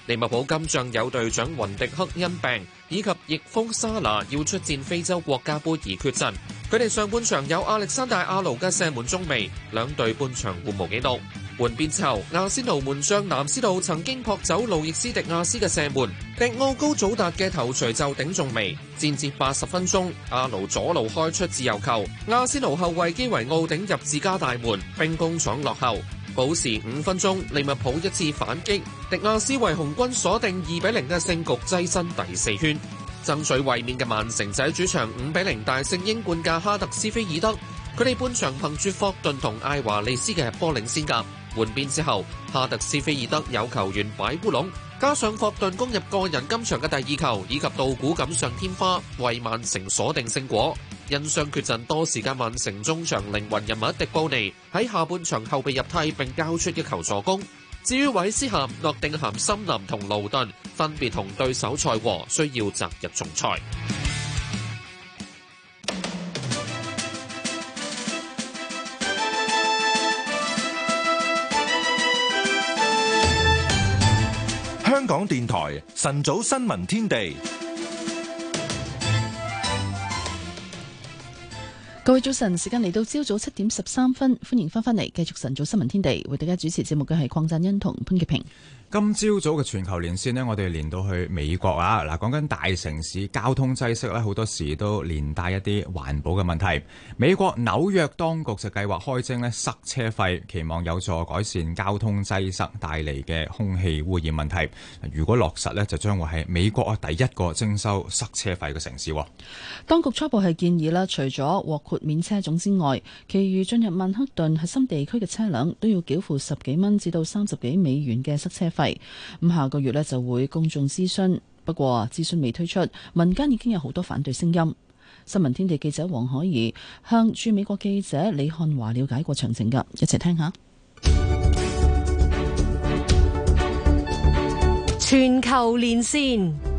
利物浦今仗有隊長雲迪克因病以及翼鋒沙拿要出戰非洲國家杯而缺陣，佢哋上半場有亞歷山大阿盧嘅射門中楣，兩隊半場互無紀錄。門邊球，亞仙奴門將南斯道曾經撲走路易斯迪亞斯嘅射門，迪奧高祖達嘅頭錘就頂中楣。戰至八十分鐘，阿奴左路開出自由球，亞仙奴後衛基維奧頂入自家大門，兵工廠落後。補時五分鐘，利物浦一次反擊，迪亞斯為紅軍鎖定二比零嘅勝局，躋身第四圈。爭取衛冕嘅曼城喺主場五比零大勝英冠嘅哈特斯菲爾德，佢哋半場憑住霍頓同艾華利斯嘅波領先。換邊之後，哈特斯菲爾德有球員擺烏龍，加上霍頓攻入個人今場嘅第二球，以及道古錦上添花，為曼城鎖定勝果。因傷缺陣多時間，曼城中場靈魂人物迪布尼喺下半場後備入替並交出一球助攻。至於韋斯咸、諾定咸、森林同勞頓，分別同對手賽和，需要擇日重賽。港電台晨早新聞天地。各位早晨，時間嚟到朝早七點十三分，歡迎翻返嚟，繼續晨早新聞天地，為大家主持節目嘅係鄺振恩同潘潔平。今朝早嘅全球連線咧，我哋連到去美國啊！嗱，講緊大城市交通擠塞咧，好多時都連帶一啲環保嘅問題。美國紐約當局就計劃開徵咧塞車費，期望有助改善交通擠塞帶嚟嘅空氣污染問題。如果落實咧，就將會係美國啊第一個徵收塞車費嘅城市。當局初步係建議啦除咗獲。豁免車種之外，其餘進入曼克頓核心地區嘅車輛都要繳付十幾蚊至到三十幾美元嘅塞車費。咁下個月呢，就會公眾諮詢，不過諮詢未推出，民間已經有好多反對聲音。新聞天地記者黃可怡向駐美國記者李漢華了解過詳情噶，一齊聽下。全球連線。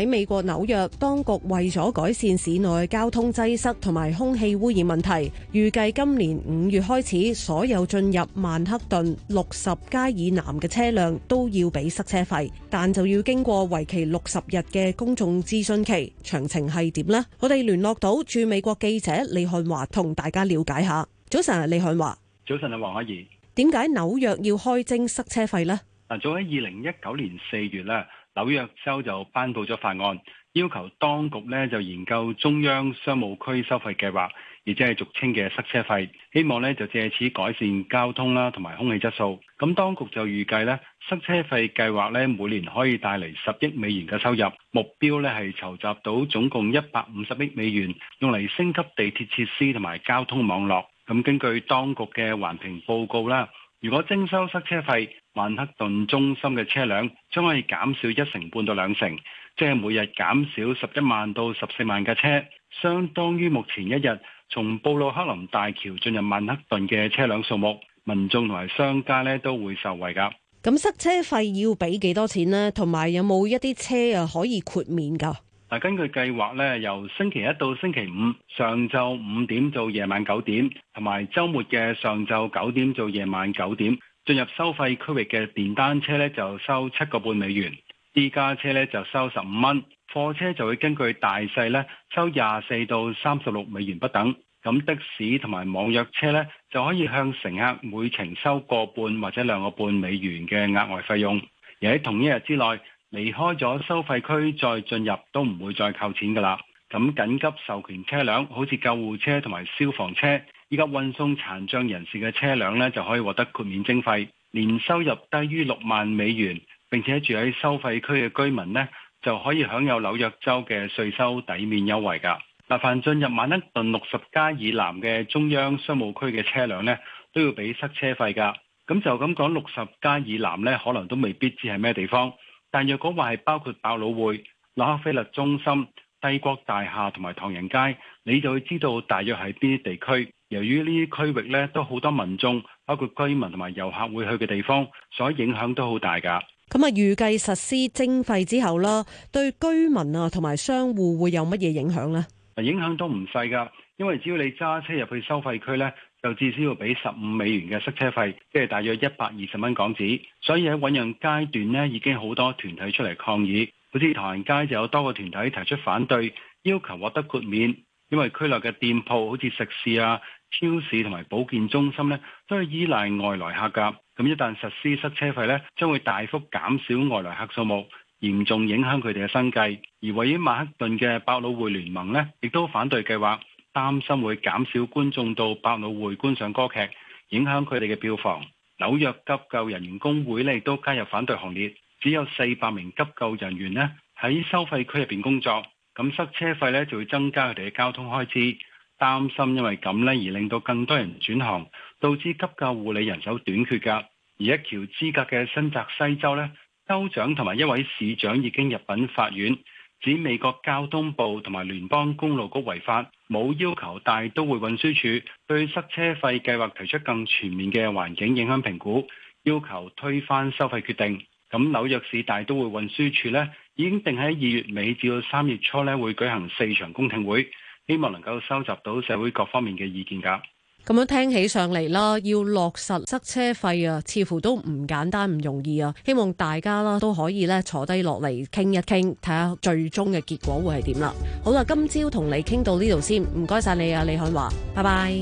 喺美國紐約，當局為咗改善市內交通擠塞同埋空氣污染問題，預計今年五月開始，所有進入曼克頓六十街以南嘅車輛都要俾塞車費，但就要經過為期六十日嘅公眾諮詢期。詳情係點呢？我哋聯絡到駐美國記者李漢華，同大家了解下。早晨，李漢華。早晨啊，黃阿怡。點解紐約要開徵塞車費呢？啊，早喺二零一九年四月咧。紐約州就頒布咗法案，要求當局呢就研究中央商務區收費計劃，亦即係俗稱嘅塞車費，希望呢就借此改善交通啦同埋空氣質素。咁當局就預計呢塞車費計劃呢每年可以帶嚟十億美元嘅收入，目標呢係籌集到總共一百五十億美元，用嚟升級地鐵設施同埋交通網絡。咁根據當局嘅環評報告啦。如果徵收塞車費，曼克頓中心嘅車輛將可以減少一成半到兩成，即係每日減少十一萬到十四萬架車，相當於目前一日從布魯克林大橋進入曼克頓嘅車輛數目。民眾同埋商家咧都會受惠噶。咁塞車費要俾幾多錢呢？同埋有冇一啲車啊可以豁免噶？嗱，根據計劃咧，由星期一到星期五上晝五點到夜晚九點，同埋週末嘅上晝九點到夜晚九點，進入收費區域嘅電單車咧就收七個半美元，私家車咧就收十五蚊，貨車就會根據大細咧收廿四到三十六美元不等。咁的士同埋網約車咧就可以向乘客每程收個半或者兩個半美元嘅額外費用，而喺同一日之內，離開咗收費區，再進入都唔會再扣錢噶啦。咁緊急授權車輛，好似救護車同埋消防車，以及運送殘障人士嘅車輛呢，就可以獲得豁免徵費。年收入低於六萬美元，並且住喺收費區嘅居民呢，就可以享有紐約州嘅稅收抵免優惠噶。嗱，凡進入曼哈頓六十街以南嘅中央商務區嘅車輛呢，都要俾塞車費噶。咁就咁講，六十街以南呢，可能都未必知係咩地方。但若果話係包括百老匯、洛克菲勒中心、帝國大廈同埋唐人街，你就會知道大約係邊啲地區。由於呢啲區域呢都好多民眾，包括居民同埋遊客會去嘅地方，所以影響都好大噶。咁啊，預計實施徵費之後啦，對居民啊同埋商戶會有乜嘢影響呢？影響都唔細噶，因為只要你揸車入去收費區呢，就至少要俾十五美元嘅塞車費，即係大約一百二十蚊港紙。所以喺醖釀階段呢，已經好多團體出嚟抗議，好似唐人街就有多個團體提出反對，要求獲得豁免。因為區內嘅店鋪，好似食肆啊、超市同埋保健中心呢，都係依賴外來客㗎。咁一旦實施塞車費呢，將會大幅減少外來客數目，嚴重影響佢哋嘅生計。而位於曼克頓嘅百老匯聯盟呢，亦都反對計劃。擔心會減少觀眾到百老匯觀賞歌劇，影響佢哋嘅票房。紐約急救人員工會呢，亦都加入反對行列。只有四百名急救人員呢，喺收費區入邊工作，咁塞車費呢就會增加佢哋嘅交通開支，擔心因為咁呢而令到更多人轉行，導致急救護理人手短缺噶。而一橋之隔嘅新澤西州呢，州長同埋一位市長已經入稟法院。指美國交通部同埋聯邦公路局違法，冇要求大都會運輸署對塞車費計劃提出更全面嘅環境影響評估，要求推翻收費決定。咁紐約市大都會運輸署呢，已經定喺二月尾至到三月初呢會舉行四場公聽會，希望能夠收集到社會各方面嘅意見㗎。咁樣聽起上嚟啦，要落實塞車費啊，似乎都唔簡單唔容易啊！希望大家啦都可以咧坐低落嚟傾一傾，睇下最終嘅結果會係點啦。好啦，今朝同你傾到呢度先，唔該晒你啊，李漢華，拜拜，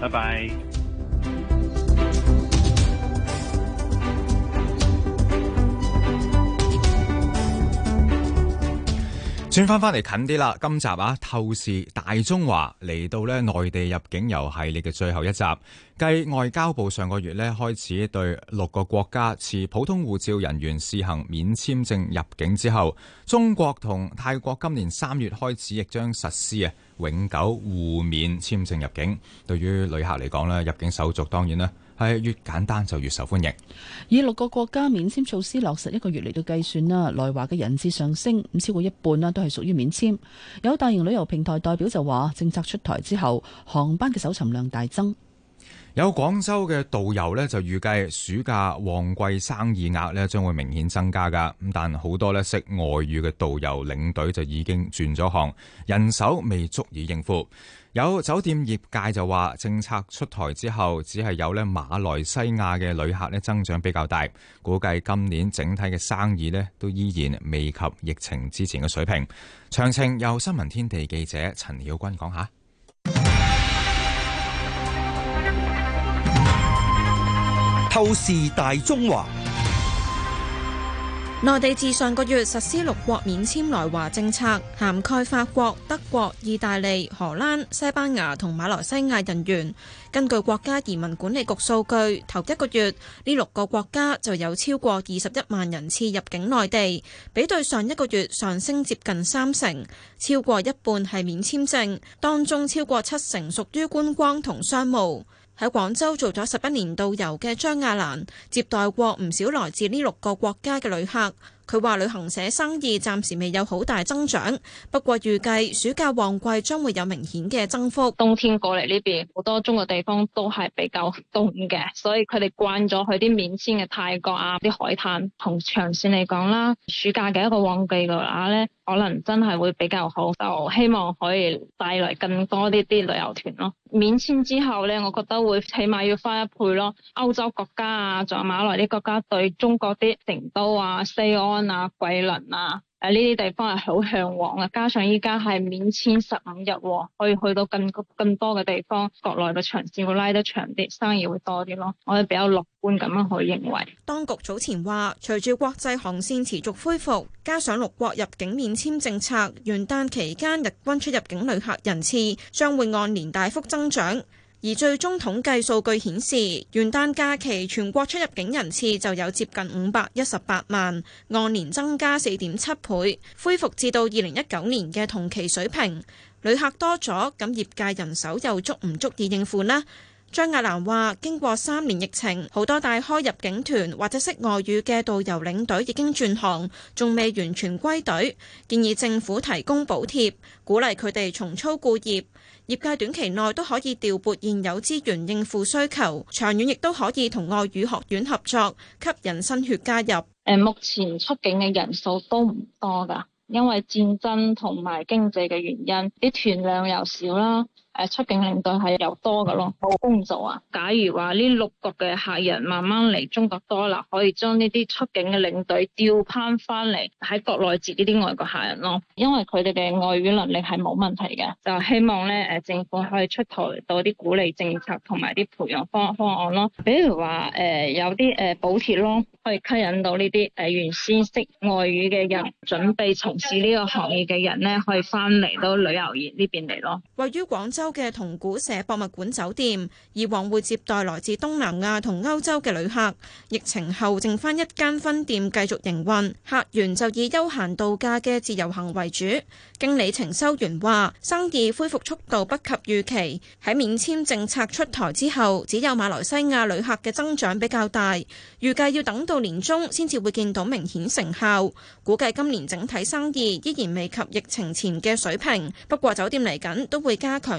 拜拜。轉翻翻嚟，近啲啦，今集啊透視大中華嚟到咧，內地入境遊系列嘅最後一集。繼外交部上個月咧，開始對六個國家持普通護照人員試行免簽證入境之後，中國同泰國今年三月開始亦將實施啊永久互免簽證入境。對於旅客嚟講咧，入境手續當然咧。係越簡單就越受歡迎。以六個國家免簽措施落實一個月嚟到計算啦，內華嘅人次上升，唔超過一半啦，都係屬於免簽。有大型旅遊平台代表就話，政策出台之後，航班嘅搜尋量大增。有廣州嘅導遊呢就預計暑假旺季生意額呢將會明顯增加㗎，咁但好多呢識外語嘅導遊領隊就已經轉咗行，人手未足以應付。有酒店業界就話，政策出台之後，只係有咧馬來西亞嘅旅客咧增長比較大，估計今年整體嘅生意呢都依然未及疫情之前嘅水平。詳情由新聞天地記者陳曉君講下。透視大中華。內地自上個月實施六國免簽來華政策，涵蓋法國、德國、意大利、荷蘭、西班牙同馬來西亞人員。根據國家移民管理局數據，頭一個月呢六個國家就有超過二十一萬人次入境內地，比對上一個月上升接近三成，超過一半係免簽證，當中超過七成屬於觀光同商務。喺廣州做咗十一年導遊嘅張亞蘭，接待過唔少來自呢六個國家嘅旅客。佢話旅行社生意暫時未有好大增長，不過預計暑假旺季將會有明顯嘅增幅。冬天過嚟呢邊好多中國地方都係比較凍嘅，所以佢哋慣咗去啲免簽嘅泰國啊、啲海灘同長線嚟講啦。暑假嘅一個旺季嘅話咧，可能真係會比較好，就希望可以帶來更多呢啲旅遊團咯。免簽之後咧，我覺得會起碼要翻一倍咯。歐洲國家啊，仲有馬來啲國家對中國啲成都啊、西安，啊，桂林啊，誒呢啲地方係好向往啊，加上依家係免簽十五日，可以去到更更多嘅地方，國內嘅長線會拉得長啲，生意會多啲咯，我哋比較樂觀咁樣去認為。當局早前話，隨住國際航線持續恢復，加上六國入境免簽政策，元旦期間日均出入境旅客人次將會按年大幅增長。而最終統計數據顯示，元旦假期全國出入境人次就有接近五百一十八萬，按年增加四點七倍，恢復至到二零一九年嘅同期水平。旅客多咗，咁業界人手又足唔足以應付呢？張亞蘭話：經過三年疫情，好多帶開入境團或者識外語嘅導遊領隊已經轉行，仲未完全歸隊，建議政府提供補貼，鼓勵佢哋重操故業。業界短期內都可以調撥現有資源應付需求，長遠亦都可以同外語學院合作，吸引新血加入。誒，目前出境嘅人數都唔多㗎，因為戰爭同埋經濟嘅原因，啲團量又少啦。誒，出境領隊係有多嘅咯，冇工作啊！假如話呢，六國嘅客人慢慢嚟中國多啦，可以將呢啲出境嘅領隊調番翻嚟喺國內接呢啲外國客人咯，因為佢哋嘅外語能力係冇問題嘅，就希望咧，誒政府可以出台多啲鼓勵政策同埋啲培養方方案咯，比如話誒、呃、有啲誒補貼咯，可以吸引到呢啲誒原先識外語嘅人，準備從事呢個行業嘅人咧，可以翻嚟到旅遊業呢邊嚟咯。位於廣州。州嘅銅古社博物館酒店，以往會接待來自東南亞同歐洲嘅旅客。疫情後剩翻一間分店繼續營運，客源就以休閒度假嘅自由行為主。經理程修元話：生意恢復速度不及預期，喺免簽政策出台之後，只有馬來西亞旅客嘅增長比較大。預計要等到年中先至會見到明顯成效。估計今年整體生意依然未及疫情前嘅水平。不過酒店嚟緊都會加強。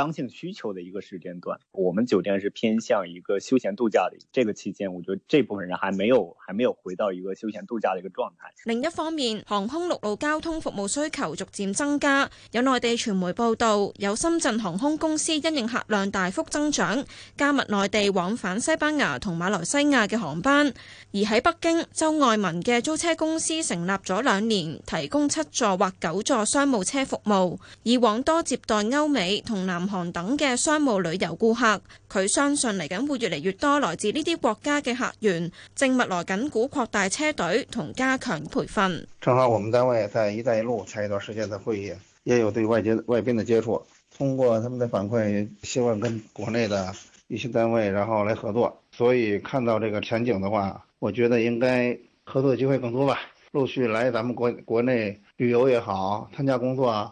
剛性需求的一個時間段，我們酒店是偏向一個休閒度假的這個期間，我覺得這部分人還沒有還沒有回到一個休閒度假的一個狀態。另一方面，航空陸路交通服務需求逐漸增加，有內地傳媒報道，有深圳航空公司因應客量大幅增長，加密內地往返西班牙同馬來西亞嘅航班。而喺北京，周愛文嘅租車公司成立咗兩年，提供七座或九座商務車服務，以往多接待歐美同南。韓等嘅商務旅遊顧客，佢相信嚟緊會越嚟越多來自呢啲國家嘅客源，正密鑼緊鼓擴大車隊同加強培訓。正好我們單位在“一帶一路”前一段時間的會議也有對外接外賓的接觸。通過他們的反饋，希望跟國內的一些單位，然後來合作。所以看到這個前景的話，我覺得應該合作的機會更多吧。陸續來，咱們國國內旅遊也好，參加工作。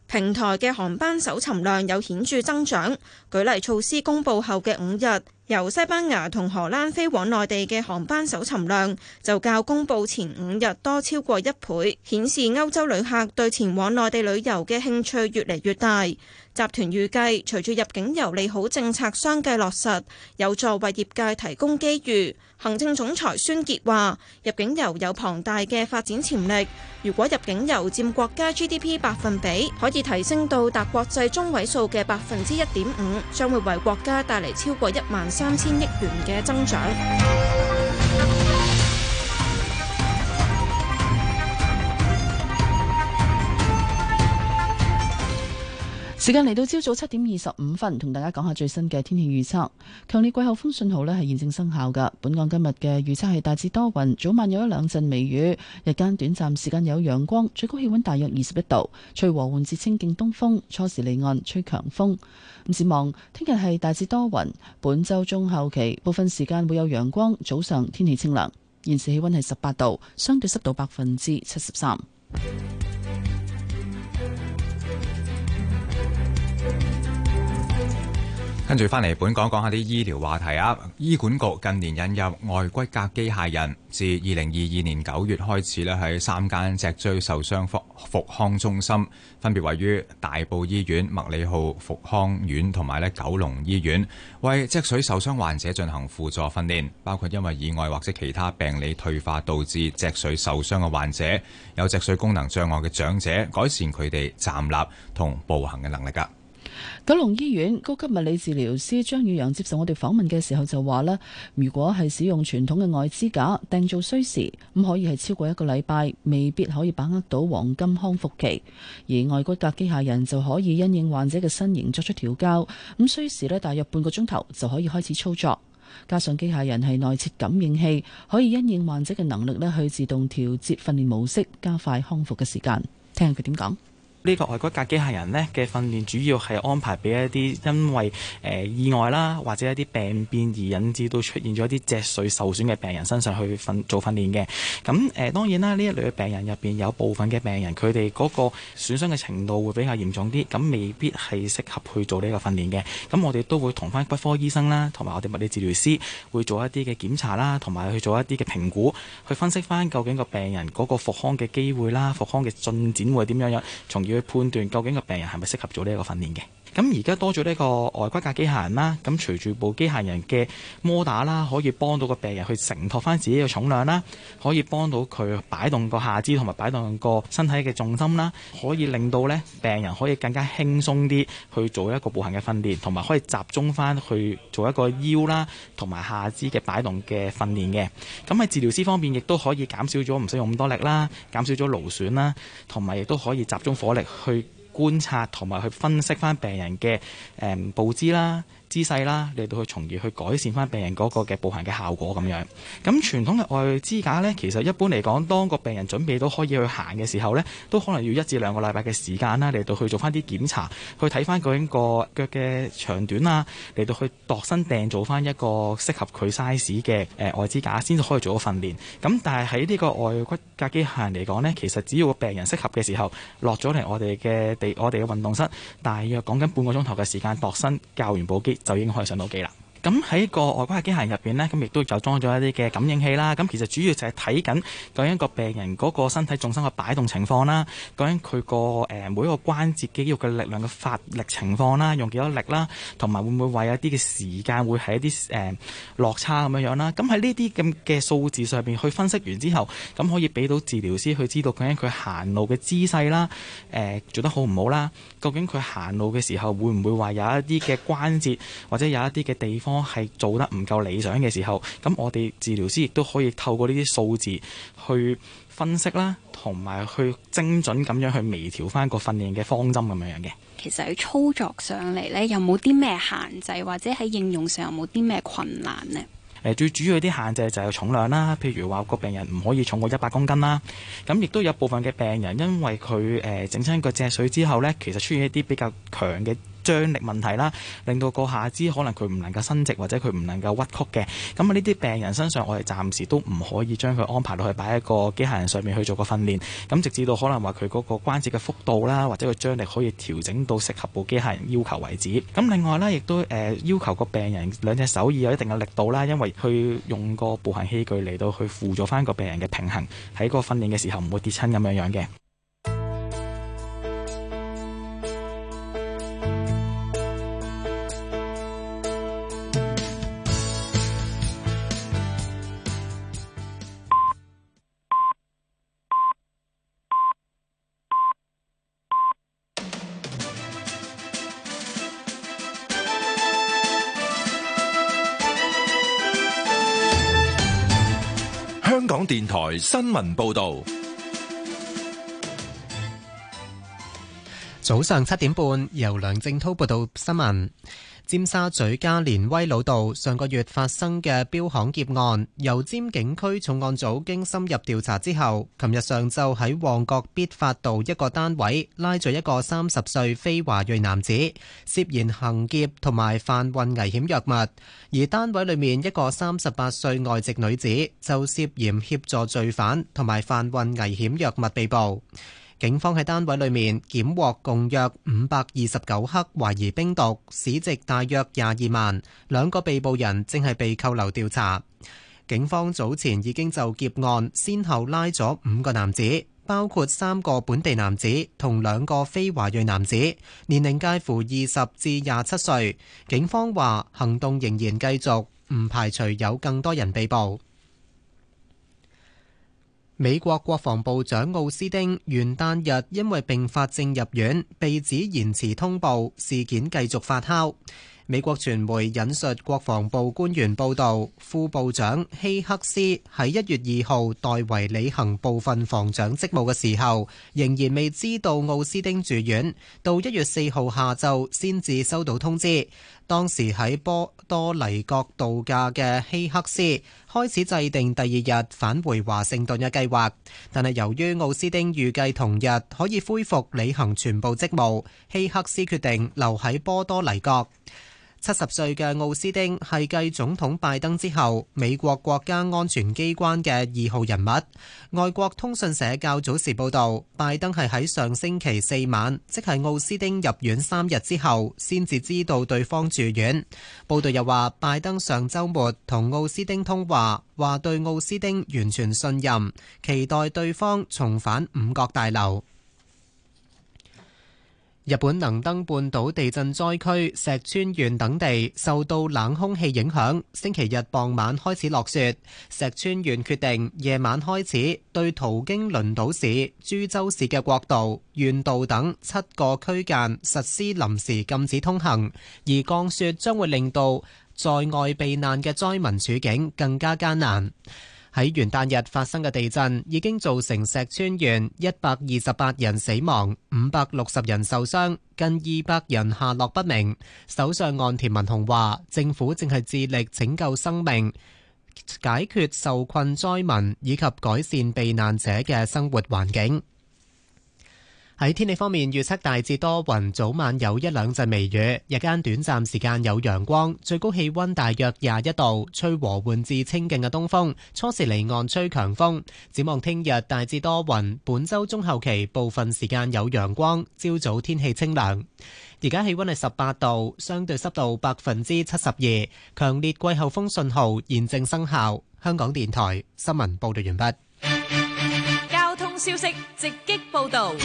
平台嘅航班搜尋量有顯著增長。舉例措施公布後嘅五日，由西班牙同荷蘭飛往內地嘅航班搜尋量就較公布前五日多超過一倍，顯示歐洲旅客對前往內地旅遊嘅興趣越嚟越大。集團預計，隨住入境遊利好政策相繼落實，有助為業界提供機遇。行政總裁孫傑話：入境遊有龐大嘅發展潛力，如果入境遊佔國家 GDP 百分比可以提升到達國際中位數嘅百分之一點五，將會為國家帶嚟超過一萬三千億元嘅增長。時間嚟到朝早七點二十五分，同大家講下最新嘅天氣預測。強烈季候風信號咧係現正生效噶。本港今日嘅預測係大致多雲，早晚有一兩陣微雨，日間短暫時間有陽光，最高氣溫大約二十一度，吹和緩至清勁東風，初時離岸吹強風。咁展望，聽日係大致多雲，本周中後期部分時間會有陽光，早上天氣清涼。現時氣溫係十八度，相對濕度百分之七十三。跟住返嚟本港，講下啲醫療話題啊！醫管局近年引入外骨骼機械人，自二零二二年九月開始呢，喺三間脊椎受傷復康中心，分別位於大埔醫院、麥理浩復康院同埋咧九龍醫院，為脊髓受傷患者進行輔助訓練，包括因為意外或者其他病理退化導致脊髓受傷嘅患者，有脊髓功能障礙嘅長者，改善佢哋站立同步行嘅能力噶。九龍醫院高級物理治療師張宇陽接受我哋訪問嘅時候就話呢，如果係使用傳統嘅外支架，訂造需時，咁可以係超過一個禮拜，未必可以把握到黃金康復期。而外骨骼機械人就可以因應患者嘅身形作出調校，咁需時呢，大約半個鐘頭就可以開始操作。加上機械人係內設感應器，可以因應患者嘅能力呢去自動調節訓練模式，加快康復嘅時間。聽下佢點講。呢個外骨骼機械人呢嘅訓練，主要係安排俾一啲因為誒、呃、意外啦，或者一啲病變而引致到出現咗一啲脊髓受損嘅病人身上去訓做訓練嘅。咁誒、呃、當然啦，呢一類嘅病人入邊有部分嘅病人，佢哋嗰個損傷嘅程度會比較嚴重啲，咁未必係適合去做呢個訓練嘅。咁我哋都會同翻骨科醫生啦，同埋我哋物理治療師會做一啲嘅檢查啦，同埋去做一啲嘅評估，去分析翻究竟個病人嗰個復康嘅機會啦，復康嘅進展會係點樣樣，從。去判斷究竟個病人係咪適合做呢一個訓練嘅。咁而家多咗呢個外骨骼機械人啦，咁隨住部機械人嘅摩打啦，可以幫到個病人去承托翻自己嘅重量啦，可以幫到佢擺動個下肢同埋擺動個身體嘅重心啦，可以令到呢病人可以更加輕鬆啲去做一個步行嘅訓練，同埋可以集中翻去做一個腰啦同埋下肢嘅擺動嘅訓練嘅。咁喺治療師方面，亦都可以減少咗唔使用咁多力啦，減少咗勞損啦，同埋亦都可以集中火力去觀察同埋去分析翻病人嘅誒報資啦。姿勢啦，嚟到去從而去改善翻病人嗰個嘅步行嘅效果咁樣。咁傳統嘅外支架呢，其實一般嚟講，當個病人準備到可以去行嘅時候呢，都可能要一至兩個禮拜嘅時間啦，嚟到去做翻啲檢查，去睇翻究竟個腳嘅長短啊，嚟到去度身訂做翻一個適合佢 size 嘅誒外支架，先至可以做到訓練。咁但係喺呢個外骨骼機械人嚟講呢，其實只要個病人適合嘅時候，落咗嚟我哋嘅地，我哋嘅運動室，大約講緊半個鐘頭嘅時間度身教完部機。就已經可以上到機啦。咁喺個外觀嘅機械人入邊咧，咁亦都就裝咗一啲嘅感應器啦。咁其實主要就係睇緊究竟一個病人個身體重心嘅擺動情況啦，究竟佢個誒、呃、每一個關節肌肉嘅力量嘅發力情況啦，用幾多力啦，同埋會唔會話，有啲嘅時間會係一啲誒、呃、落差咁樣樣啦。咁喺呢啲咁嘅數字上面去分析完之後，咁可以俾到治療師去知道究竟佢行路嘅姿勢啦，誒、呃、做得好唔好啦？究竟佢行路嘅時候會唔會話有一啲嘅關節或者有一啲嘅地方？我係做得唔夠理想嘅時候，咁我哋治療師亦都可以透過呢啲數字去分析啦，同埋去精準咁樣去微調返個訓練嘅方針咁樣樣嘅。其實喺操作上嚟呢，有冇啲咩限制，或者喺應用上有冇啲咩困難呢？誒、呃，最主要啲限制就係重量啦，譬如話個病人唔可以重過一百公斤啦。咁亦都有部分嘅病人因為佢誒整親個脊髓之後呢，其實出現一啲比較強嘅。張力問題啦，令到個下肢可能佢唔能夠伸直或者佢唔能夠屈曲嘅，咁啊呢啲病人身上我哋暫時都唔可以將佢安排落去擺喺個機械人上面去做個訓練，咁直至到可能話佢嗰個關節嘅幅度啦，或者個張力可以調整到適合部機械人要求為止。咁另外咧，亦都誒要求個病人兩隻手要有一定嘅力度啦，因為去用個步行器具嚟到去輔助翻個病人嘅平衡，喺個訓練嘅時候唔會跌親咁樣樣嘅。台新聞報導，早上七點半，由梁正濤報道新聞。尖沙咀加連威老道上個月發生嘅錶行劫案，由尖警區重案組經深入調查之後，琴日上晝喺旺角必發道一個單位拉咗一個三十歲非華裔男子，涉嫌行劫同埋販運危險藥物；而單位裏面一個三十八歲外籍女子就涉嫌協助罪犯同埋販運危險藥物被捕。警方喺單位裏面檢獲共約五百二十九克懷疑冰毒，市值大約廿二萬。兩個被捕人正係被扣留調查。警方早前已經就劫案先後拉咗五個男子，包括三個本地男子同兩個非華裔男子，年齡介乎二十至廿七歲。警方話行動仍然繼續，唔排除有更多人被捕。美國國防部長奧斯丁元旦日因為並發症入院，被指延遲通報，事件繼續發酵。美國傳媒引述國防部官員報道，副部長希克斯喺一月二號代為履行部分防長職務嘅時候，仍然未知道奧斯丁住院，到一月四號下晝先至收到通知。當時喺波多黎各度假嘅希克斯開始制定第二日返回華盛頓嘅計劃，但係由於奧斯丁預計同日可以恢復履行全部職務，希克斯決定留喺波多黎各。七十歲嘅奧斯丁係繼總統拜登之後，美國國家安全機關嘅二號人物。外國通訊社較早時報道，拜登係喺上星期四晚，即係奧斯丁入院三日之後，先至知道對方住院。報道又話，拜登上週末同奧斯丁通話，話對奧斯丁完全信任，期待對方重返五角大樓。日本能登半島地震災區石川縣等地受到冷空氣影響，星期日傍晚開始落雪。石川縣決定夜晚開始對途經輪島市、珠洲市嘅國道、縣道等七個區間實施臨時禁止通行，而降雪將會令到在外避難嘅災民處境更加艱難。喺元旦日發生嘅地震已經造成石川縣一百二十八人死亡、五百六十人受傷、近二百人下落不明。首相岸田文雄話：政府正係致力拯救生命、解決受困災民以及改善避難者嘅生活環境。喺天氣方面預測大致多雲，早晚有一兩陣微雨，日間短暫時間有陽光，最高氣溫大約廿一度，吹和緩至清勁嘅東風，初時離岸吹強風。展望聽日大致多雲，本周中後期部分時間有陽光，朝早天氣清涼。而家氣溫係十八度，相對濕度百分之七十二，強烈季候風信號現正生效。香港電台新聞報道完畢。交通消息直擊報道。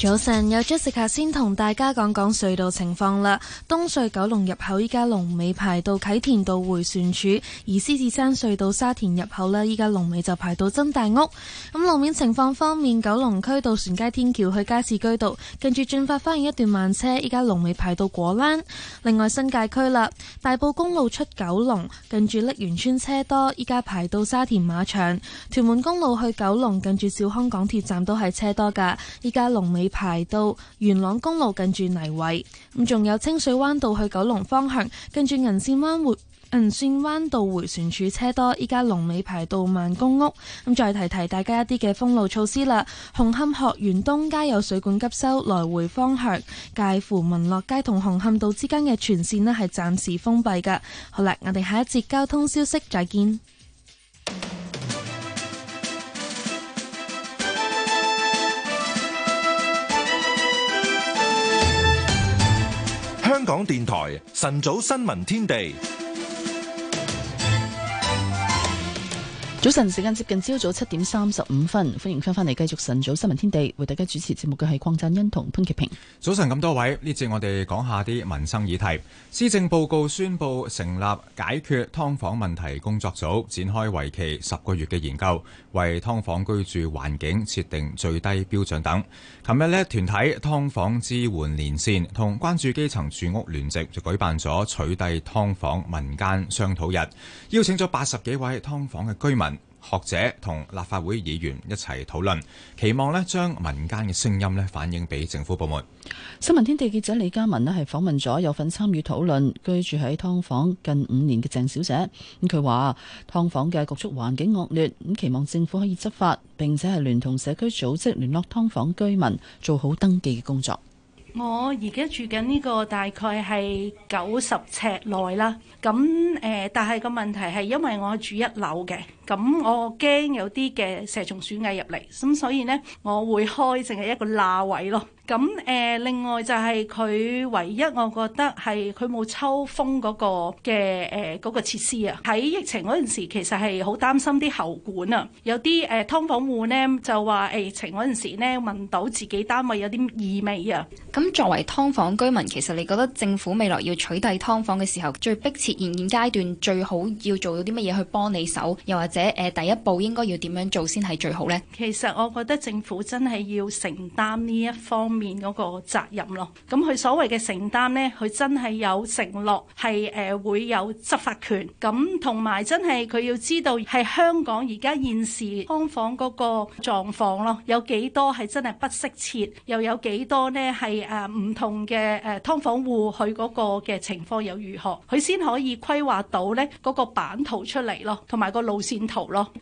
早晨，有 Jessica 先同大家講講隧道情況啦。東隧九龍入口依家，龍尾排到啟田道回旋處，而獅子山隧道沙田入口呢依家，龍尾就排到曾大屋。咁路面情況方面，九龍區渡船街天橋去加士居道，近住駿發花園一段慢車，依家，龍尾排到果欄。另外新界區啦，大埔公路出九龍，近住瀝源村車多，依家排到沙田馬場。屯門公路去九龍，近住兆康港鐵站都係車多㗎，依家龍尾。排到元朗公路近住泥位，咁，仲有清水灣道去九龍方向，跟住銀線灣回銀線灣道回旋處車多。依家龍尾排到萬公屋咁。再提提大家一啲嘅封路措施啦。紅磡學園東街有水管急修，來回方向介乎民樂街同紅磡道之間嘅全線咧係暫時封閉嘅。好啦，我哋下一節交通消息再見。香港電台晨早新聞天地。早晨，時間接近朝早七點三十五分，歡迎收翻嚟，繼續晨早新聞天地。為大家主持節目嘅係鄺振恩同潘潔平。早晨咁多位，呢節我哋講下啲民生議題。施政報告宣布成立解決劏房問題工作組，展開為期十個月嘅研究，為劏房居住環境設定最低標準等。琴日呢，團體劏房支援連線同關注基層住屋聯席就舉辦咗取締劏房民間商討日，邀請咗八十幾位劏房嘅居民。學者同立法會議員一齊討論，期望呢將民間嘅聲音呢反映俾政府部門。新聞天地記者李嘉文呢係訪問咗有份參與討論、居住喺劏房近五年嘅鄭小姐。佢話劏房嘅局促環境惡劣，咁期望政府可以執法，並且係聯同社區組織聯絡劏房居民做好登記嘅工作。我而家住緊呢個大概係九十尺內啦。咁誒，但係個問題係因為我住一樓嘅。咁我驚有啲嘅蛇蟲鼠蟻入嚟，咁所以呢，我會開淨係一個罅位咯。咁誒、呃，另外就係佢唯一，我覺得係佢冇抽風嗰、嗰個嘅誒嗰個設施啊。喺疫情嗰陣時，其實係好擔心啲喉管啊，有啲誒、呃、劏房戶呢，就話疫情嗰陣時呢聞到自己單位有啲異味啊。咁作為劏房居民，其實你覺得政府未來要取締劏房嘅時候，最迫切現、現階段最好要做到啲乜嘢去幫你手，又或者？且第一步應該要點樣做先係最好呢？其實我覺得政府真係要承擔呢一方面嗰個責任咯。咁佢所謂嘅承擔呢，佢真係有承諾，係誒會有執法權。咁同埋真係佢要知道係香港而家現時㓥房嗰個狀況咯，有幾多係真係不適切，又有幾多呢係誒唔同嘅誒㓥房戶佢嗰個嘅情況又如何，佢先可以規劃到呢嗰個版圖出嚟咯，同埋個路線。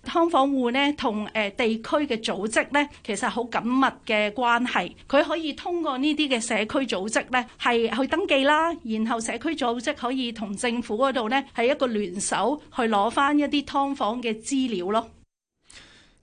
劏房戶咧，同誒地區嘅組織咧，其實好緊密嘅關係。佢可以通過呢啲嘅社區組織咧，係去登記啦，然後社區組織可以同政府嗰度咧係一個聯手去攞返一啲劏房嘅資料咯。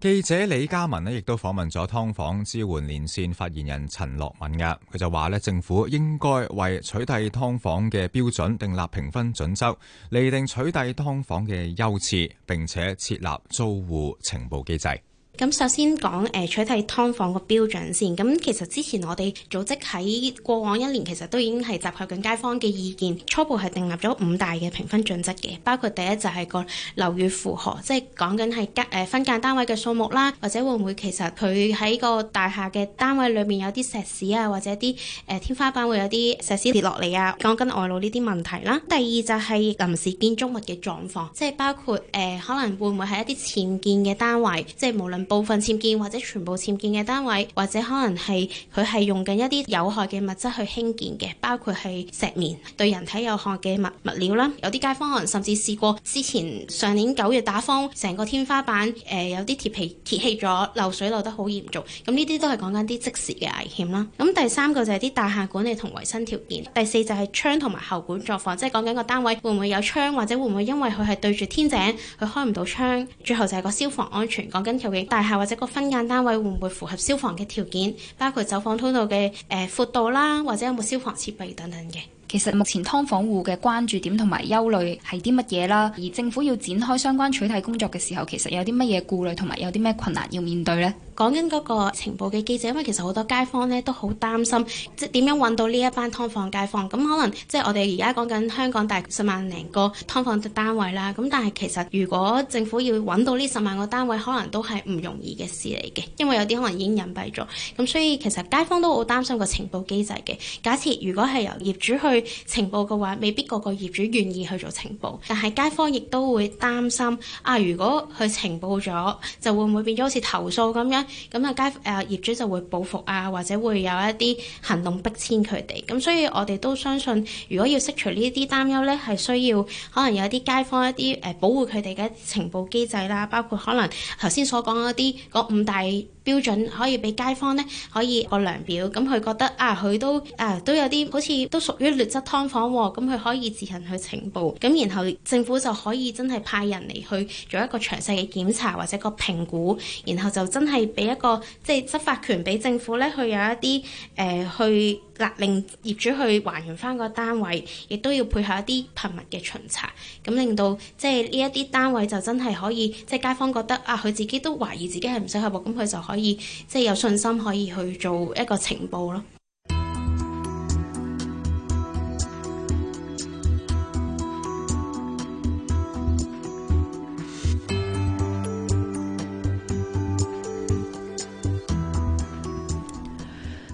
記者李嘉文咧，亦都訪問咗劏房支援連線發言人陳樂敏，佢就話咧，政府應該為取締劏房嘅標準訂立評分準則，厘定取締劏房嘅優次，並且設立租戶情報機制。咁首先講誒取締劏房個標準先，咁其實之前我哋組織喺過往一年其實都已經係集合緊街坊嘅意見，初步係訂立咗五大嘅評分準則嘅，包括第一就係個樓宇符合，即係講緊係隔分間單位嘅數目啦，或者會唔會其實佢喺個大廈嘅單位裏面有啲石屎啊，或者啲誒、呃、天花板會有啲石屎跌落嚟啊，講緊外露呢啲問題啦。第二就係臨時建築物嘅狀況，即係包括誒、呃、可能會唔會係一啲僭建嘅單位，即係無論。部分僭建或者全部僭建嘅單位，或者可能係佢係用緊一啲有害嘅物質去興建嘅，包括係石棉對人體有害嘅物物料啦。有啲街坊可能甚至試過之前上年九月打風，成個天花板誒、呃、有啲鐵皮揭起咗，漏水漏得好嚴重。咁呢啲都係講緊啲即時嘅危險啦。咁、嗯、第三個就係啲大廈管理同衞生條件，第四就係窗同埋喉管狀況，即係講緊個單位會唔會有窗，或者會唔會因為佢係對住天井，佢開唔到窗。最後就係個消防安全，講緊究竟。大廈或者個分間單位會唔會符合消防嘅條件？包括走火通道嘅誒闊度啦，或者有冇消防設備等等嘅。其實目前劏房戶嘅關注點同埋憂慮係啲乜嘢啦？而政府要展開相關取締工作嘅時候，其實有啲乜嘢顧慮同埋有啲咩困難要面對呢？講緊嗰個情報嘅機制，因為其實好多街坊咧都好擔心，即係點樣揾到呢一班劏房街坊。咁可能即係我哋而家講緊香港大約十萬零個劏房的單位啦。咁但係其實如果政府要揾到呢十萬個單位，可能都係唔容易嘅事嚟嘅，因為有啲可能已經隱蔽咗。咁所以其實街坊都好擔心個情報機制嘅。假設如果係由業主去情報嘅話，未必個個業主願意去做情報。但係街坊亦都會擔心，啊如果佢情報咗，就會唔會變咗好似投訴咁樣？咁啊，街誒業主就會報復啊，或者會有一啲行動逼遷佢哋。咁所以我哋都相信，如果要釋除呢啲擔憂咧，係需要可能有一啲街坊一啲誒保護佢哋嘅情報機制啦，包括可能頭先所講嗰啲五大。標準可以俾街坊呢，可以個量表，咁佢覺得啊，佢都啊都有啲好似都屬於劣質劏房喎。哦，咁佢可以自行去呈報，咁然後政府就可以真係派人嚟去做一個詳細嘅檢查或者個評估，然後就真係俾一個即係、就是、執法權俾政府呢，佢有一啲誒、呃、去。嗱，令業主去還原返個單位，亦都要配合一啲頻密嘅巡查，咁令到即係呢一啲單位就真係可以，即係街坊覺得啊，佢自己都懷疑自己係唔適合喎，咁佢就可以即係有信心可以去做一個情報咯。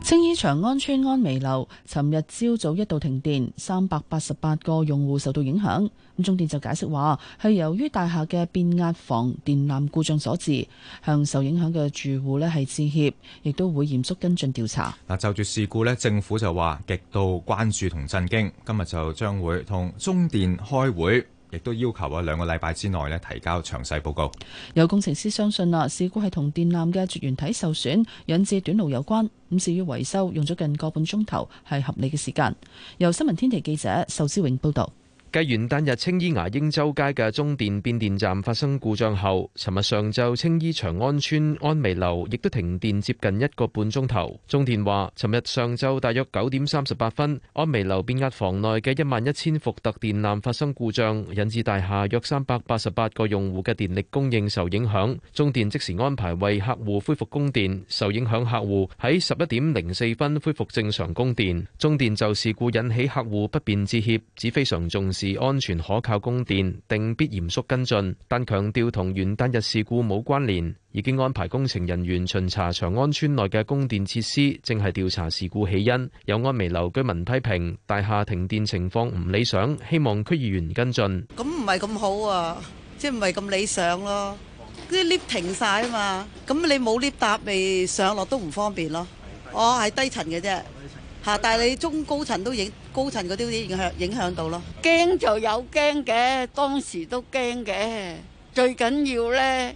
青衣長安村安眉樓，尋日朝早一度停電，三百八十八個用戶受到影響。咁中電就解釋話，係由於大廈嘅變壓房電纜故障所致，向受影響嘅住戶咧係致歉，亦都會嚴肅跟進調查。嗱，就住事故咧，政府就話極度關注同震驚，今日就將會同中電開會。亦都要求喺兩個禮拜之內咧提交詳細報告。有工程師相信啦，事故係同電纜嘅絕緣體受損引致短路有關。咁至於維修用咗近個半鐘頭，係合理嘅時間。由新聞天地記者仇思永報導。繼元旦日青衣牙鷹洲街嘅中電變電站發生故障後，尋日上晝青衣長安村安眉樓亦都停電接近一個半鐘頭。中電話尋日上晝大約九點三十八分，安眉樓變壓房內嘅一萬一千伏特電纜發生故障，引致大廈約三百八十八個用戶嘅電力供應受影響。中電即時安排為客戶恢復供電，受影響客戶喺十一點零四分恢復正常供電。中電就事故引起客戶不便致歉，指非常重視。是安全可靠供電，定必嚴肅跟進，但強調同元旦日事故冇關聯。已經安排工程人員巡查長安邨內嘅供電設施，正係調查事故起因。有安湄樓居民批評大廈停電情況唔理想，希望區議員跟進。咁唔係咁好啊，即係唔係咁理想咯？啲 lift 停晒啊嘛，咁你冇 lift 搭，咪上落都唔方便咯。我係低層嘅啫。吓！但係你中高層都影高層嗰啲影響影響到咯。驚就有驚嘅，當時都驚嘅。最緊要咧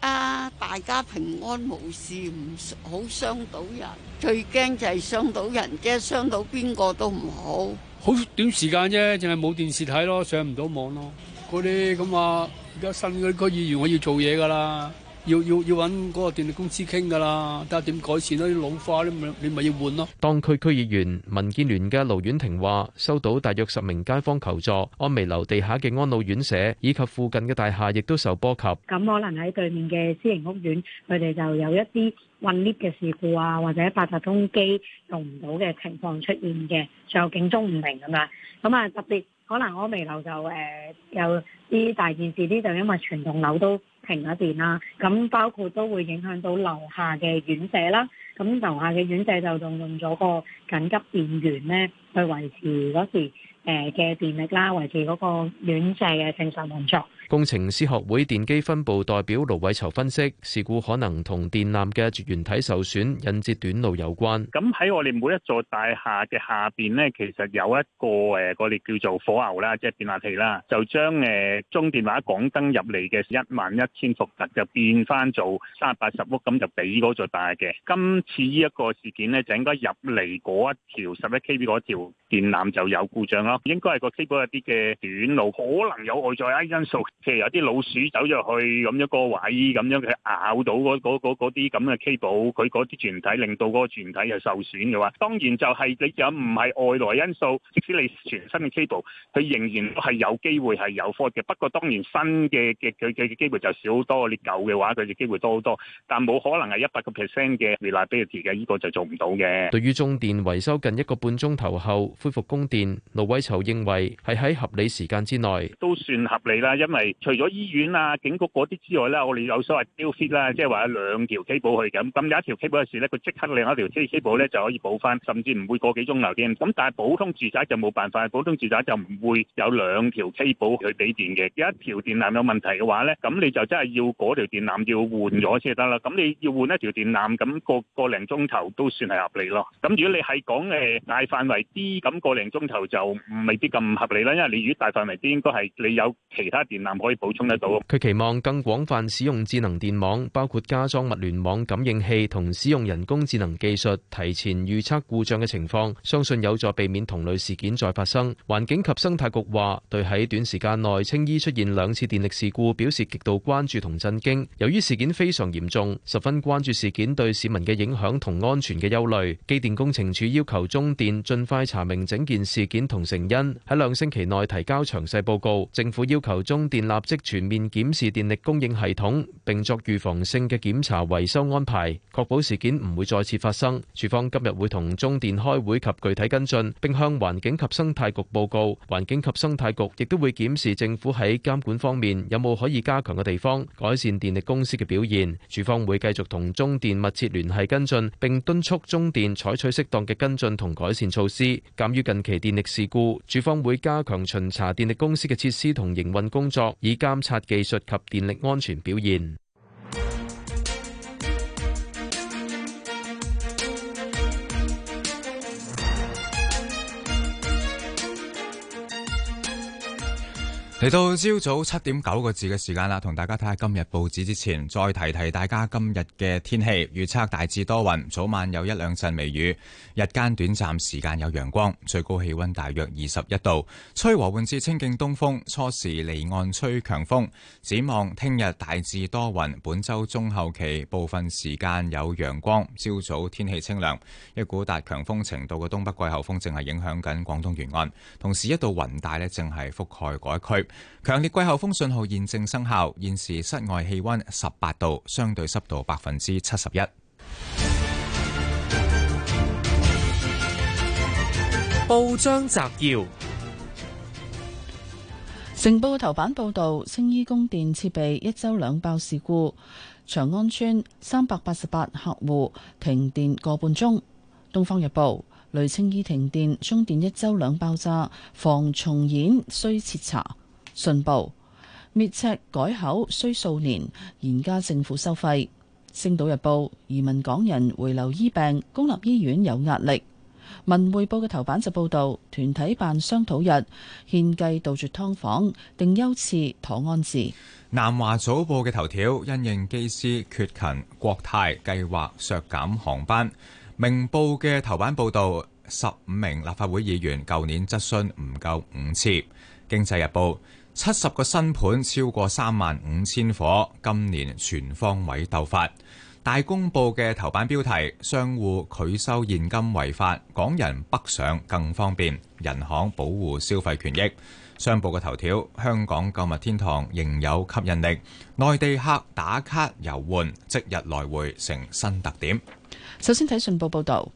啊，大家平安無事，唔好傷到人。最驚就係傷到人，即係傷到邊個都唔好。好短時間啫，淨係冇電視睇咯，上唔到網咯。嗰啲咁啊，而家新嗰啲區議員我要做嘢噶啦。要要要揾嗰個電力公司傾噶啦，睇下點改善咯，啲老化啲咪你咪要換咯。當區區議員民建聯嘅盧婉婷話：收到大約十名街坊求助，安薇樓地下嘅安老院舍以及附近嘅大廈亦都受波及。咁可能喺對面嘅私營屋苑，佢哋就有一啲困 𨋢 嘅事故啊，或者八達通機用唔到嘅情況出現嘅，最後警鐘唔鳴咁樣。咁啊特別。可能我微樓就誒、呃、有啲大件事，啲就因為全棟樓都停咗電啦，咁包括都會影響到樓下嘅院舍啦。咁樓下嘅院舍就仲用咗個緊急電源咧，去維持嗰時誒嘅電力啦，維持嗰個院舍嘅正常運作。工程師學會電機分部代表盧偉籌分析，事故可能同電纜嘅絕緣體受損、引致短路有關。咁喺我哋每一座大廈嘅下邊呢，其實有一個誒，我哋叫做火牛啦，即係變壓器啦，就將誒中電話廣登入嚟嘅一萬一千伏特，就變翻做三十八十伏，咁就俾嗰座大廈嘅。今次呢一個事件呢，就應該入嚟嗰一條十一 kV 嗰條電纜就有故障啦，應該係個 kV 一啲嘅短路，可能有外在一因素。譬如有啲老鼠走咗去咁一個位咁樣，佢咬到嗰啲咁嘅 cable，佢嗰啲船體令到嗰個船體係受損嘅話，當然就係你又唔係外來因素，即使你全新嘅 cable，佢仍然係有機會係有 fault 嘅。不過當然新嘅嘅嘅嘅機會就少好多，你舊嘅話佢嘅機會多好多，但冇可能係一百個 percent 嘅 reliability 嘅，呢個就做唔到嘅。對於中電維修近一個半鐘頭後恢復供電，盧偉籌認為係喺合理時間之內，都算合理啦，因為。除咗醫院啊、警局嗰啲之外咧、啊，我哋有所謂 double 啦，即係話有兩條機保去咁。咁有一條機保嘅時咧，佢即刻另一條機機保咧就可以保翻，甚至唔會個幾鐘頭添。咁但係普通住宅就冇辦法，普通住宅就唔會有兩條機保去俾電嘅。有一條電纜有問題嘅話咧，咁你就真係要嗰條電纜要換咗先得啦。咁你要換一條電纜，咁、那個個零鐘頭都算係合理咯。咁如果你係講誒大範圍啲，咁個零鐘頭就未必咁合理啦，因為你如果大範圍啲，應該係你有其他電纜。可以補充得到。佢期望更廣泛使用智能電網，包括加裝物聯網感應器同使用人工智能技術，提前預測故障嘅情況，相信有助避免同類事件再發生。環境及生態局話：對喺短時間內青衣出現兩次電力事故表示極度關注同震驚。由於事件非常嚴重，十分關注事件對市民嘅影響同安全嘅憂慮。機電工程署要求中電盡快查明整件事件同成因，喺兩星期內提交詳細報告。政府要求中電。立即全面檢視電力供應系統，並作預防性嘅檢查、維修安排，確保事件唔會再次發生。署方今日會同中電開會及具體跟進，並向環境及生態局報告。環境及生態局亦都會檢視政府喺監管方面有冇可以加強嘅地方，改善電力公司嘅表現。署方會繼續同中電密切聯繫跟進，並敦促中電採取適當嘅跟進同改善措施。鑑於近期電力事故，署方會加強巡查電力公司嘅設施同營運工作。以監測技術及電力安全表現。嚟到朝早七點九個字嘅時間啦，同大家睇下今日報紙之前，再提提大家今日嘅天氣預測，大致多雲，早晚有一兩陣微雨，日間短暫時間有陽光，最高氣溫大約二十一度，吹和緩至清勁東風，初時離岸吹強風。展望聽日大致多雲，本周中後期部分時間有陽光，朝早天氣清涼，一股達強風程度嘅東北季候風正係影響緊廣東沿岸，同時一道雲帶呢正係覆蓋嗰一區。強烈季候風信號現正生效，現時室外氣溫十八度，相對濕度百分之七十一。報章摘要：成報頭版報道青衣供電設備一周兩爆事故，長安村三百八十八客戶停電個半鐘。東方日報：雷青衣停電，中電一周兩爆炸，防重演需徹查。信報，滅赤改口需數年，嚴加政府收費。星島日報，移民港人回流醫病，公立醫院有壓力。文匯報嘅頭版就報道團體辦商討日，獻計杜絕劏房定優次妥安置。南華早報嘅頭條，因應機師缺勤，國泰計劃削減航班。明報嘅頭版報道十五名立法會議員舊年質詢唔夠五次。經濟日報。七十個新盤超過三萬五千伙，今年全方位鬥法。大公報嘅頭版標題：商戶拒收現金違法，港人北上更方便，銀行保護消費權益。商報嘅頭條：香港購物天堂仍有吸引力，內地客打卡遊玩即日來回成新特點。首先睇信報報道。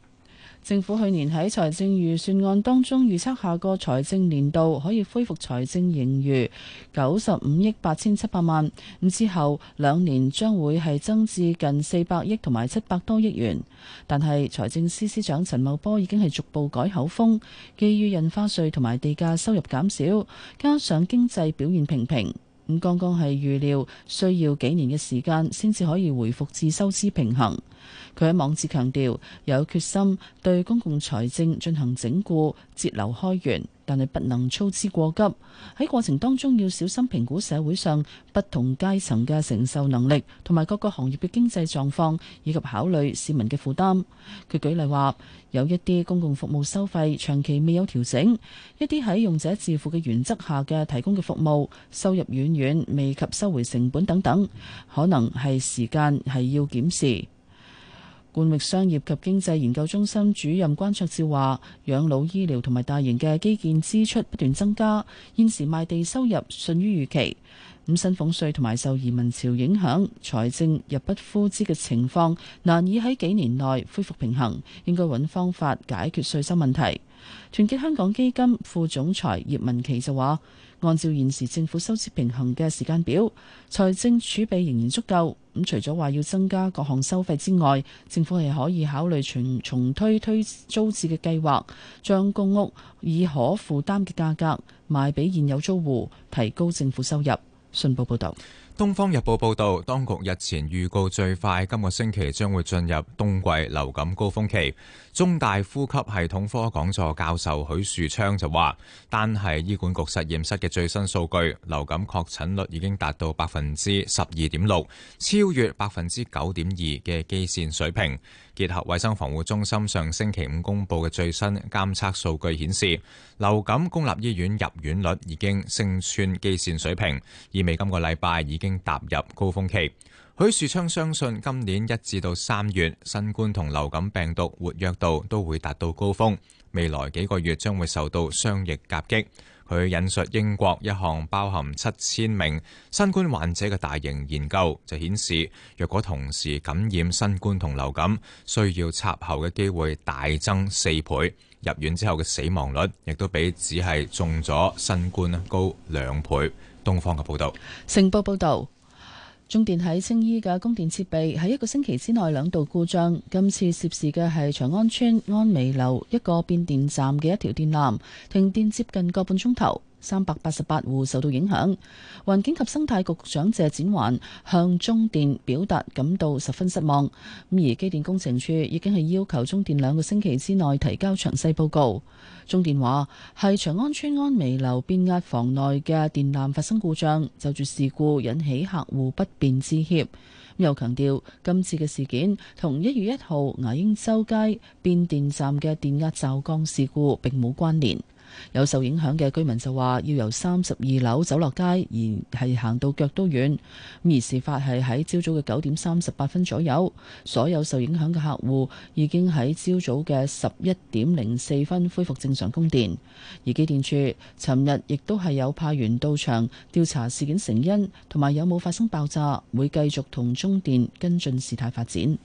政府去年喺財政預算案當中預測下個財政年度可以恢復財政盈餘九十五億八千七百萬，咁之後兩年將會係增至近四百億同埋七百多億元。但係財政司司長陳茂波已經係逐步改口風，基於印花稅同埋地價收入減少，加上經濟表現平平，咁剛剛係預料需要幾年嘅時間先至可以回復至收支平衡。佢喺網誌強調，有決心對公共財政進行整固、節流開源，但係不能操之過急。喺過程當中要小心評估社會上不同階層嘅承受能力，同埋各個行業嘅經濟狀況，以及考慮市民嘅負擔。佢舉例話，有一啲公共服務收費長期未有調整，一啲喺用者自負嘅原則下嘅提供嘅服務，收入遠遠未及收回成本等等，可能係時間係要檢視。冠域商業及經濟研究中心主任關卓照話：養老醫療同埋大型嘅基建支出不斷增加，現時賣地收入遜於預期。咁薪俸稅同埋受移民潮影響，財政入不敷支嘅情況，難以喺幾年內恢復平衡，應該揾方法解決稅收問題。團結香港基金副總裁葉文琪就話。按照現時政府收支平衡嘅時間表，財政儲備仍然足夠。咁除咗話要增加各項收費之外，政府係可以考慮重重推推租置嘅計劃，將公屋以可負擔嘅價格賣俾現有租戶，提高政府收入。信報報道。《東方日報》報道，當局日前預告最快今個星期將會進入冬季流感高峰期。中大呼吸系統科講座教授許樹昌就話：單係醫管局實驗室嘅最新數據，流感確診率已經達到百分之十二點六，超越百分之九點二嘅基線水平。結合衞生防護中心上星期五公佈嘅最新監測數據顯示，流感公立醫院入院率已經升穿基線水平，意味今個禮拜已經踏入高峰期，許樹昌相信今年一至到三月，新冠同流感病毒活躍度都會達到高峰。未來幾個月將會受到雙疫夾擊。佢引述英國一項包含七千名新冠患者嘅大型研究，就顯示若果同時感染新冠同流感，需要插喉嘅機會大增四倍，入院之後嘅死亡率亦都比只係中咗新冠高兩倍。東方嘅報道，成報報道，中電喺青衣嘅供電設備喺一個星期之內兩度故障。今次涉事嘅係長安村安美樓一個變電站嘅一條電纜停電，接近個半鐘頭。三百八十八戶受到影響。環境及生態局局長謝展環向中電表達感到十分失望。咁而機電工程處已經係要求中電兩個星期之內提交詳細報告。中電話係長安村安微樓變壓房內嘅電纜發生故障，就住事故引起客戶不便致歉。又強調今次嘅事件同一月一號牙英洲街變電站嘅電壓驟降事故並冇關聯。有受影響嘅居民就話要由三十二樓走落街，而係行到腳都軟。而事發係喺朝早嘅九點三十八分左右，所有受影響嘅客戶已經喺朝早嘅十一點零四分恢復正常供電。而機電處尋日亦都係有派員到場調查事件成因，同埋有冇發生爆炸，會繼續同中電跟進事態發展。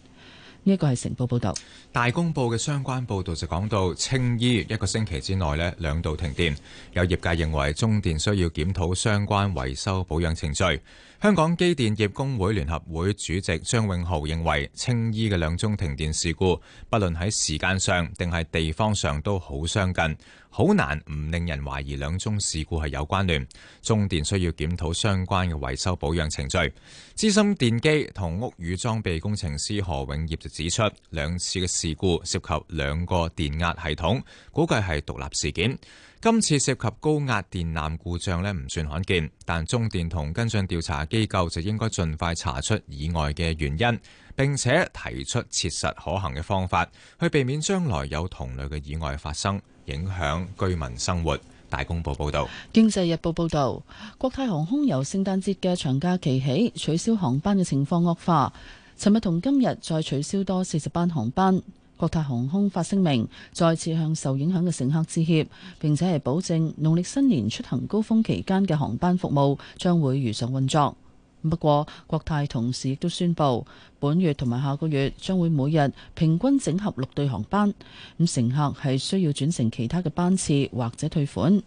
呢一個係成報報道。大公報嘅相關報導就講到，青衣一個星期之內呢兩度停電，有業界認為中電需要檢討相關維修保養程序。香港機電業工會聯合會主席張永豪認為，青衣嘅兩宗停電事故，不論喺時間上定係地方上都好相近，好難唔令人懷疑兩宗事故係有關聯。中電需要檢討相關嘅維修保養程序。資深電機同屋宇裝備工程師何永業就指出，兩次嘅事故涉及兩個電壓系統，估計係獨立事件。今次涉及高壓電纜故障呢，唔算罕見，但中電同跟進調查機構就應該盡快查出意外嘅原因，並且提出切實可行嘅方法，去避免將來有同類嘅意外發生，影響居民生活。大公報報道，經濟日報報道，國泰航空由聖誕節嘅長假期起取消航班嘅情況惡化。尋日同今日再取消多四十班航班，國泰航空發聲明再次向受影響嘅乘客致歉，並且係保證農曆新年出行高峰期間嘅航班服務將會如常運作。不過，國泰同時亦都宣布，本月同埋下個月將會每日平均整合六對航班。咁乘客係需要轉乘其他嘅班次或者退款。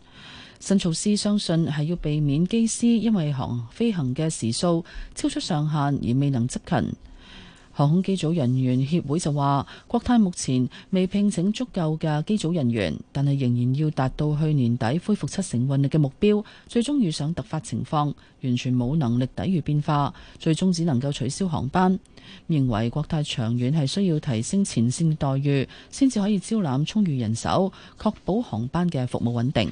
新措施相信係要避免機師因為航飛行嘅時數超出上限而未能執勤。航空機組人員協會就話：國泰目前未聘請足夠嘅機組人員，但係仍然要達到去年底恢復七成運力嘅目標。最終遇上突發情況，完全冇能力抵禦變化，最終只能夠取消航班。認為國泰長遠係需要提升前線待遇，先至可以招攬充裕人手，確保航班嘅服務穩定。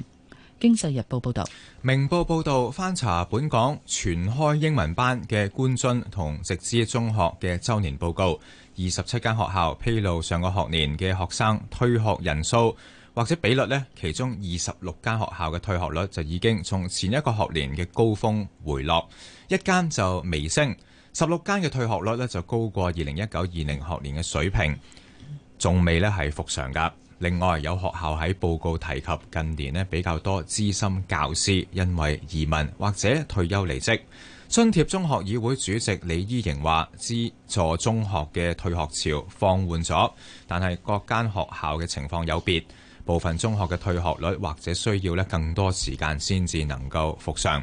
經濟日報報道，明報報道，翻查本港全開英文班嘅官津同直資中學嘅周年報告，二十七間學校披露上個學年嘅學生退學人數或者比率呢，其中二十六間學校嘅退學率就已經從前一個學年嘅高峰回落，一間就微升，十六間嘅退學率呢就高過二零一九二零學年嘅水平，仲未呢係復常噶。另外有學校喺報告提及近年呢，比較多資深教師因為移民或者退休離職。津貼中學議會主席李依瑩話：資助中學嘅退學潮放緩咗，但係各間學校嘅情況有別，部分中學嘅退學率或者需要呢更多時間先至能夠復常。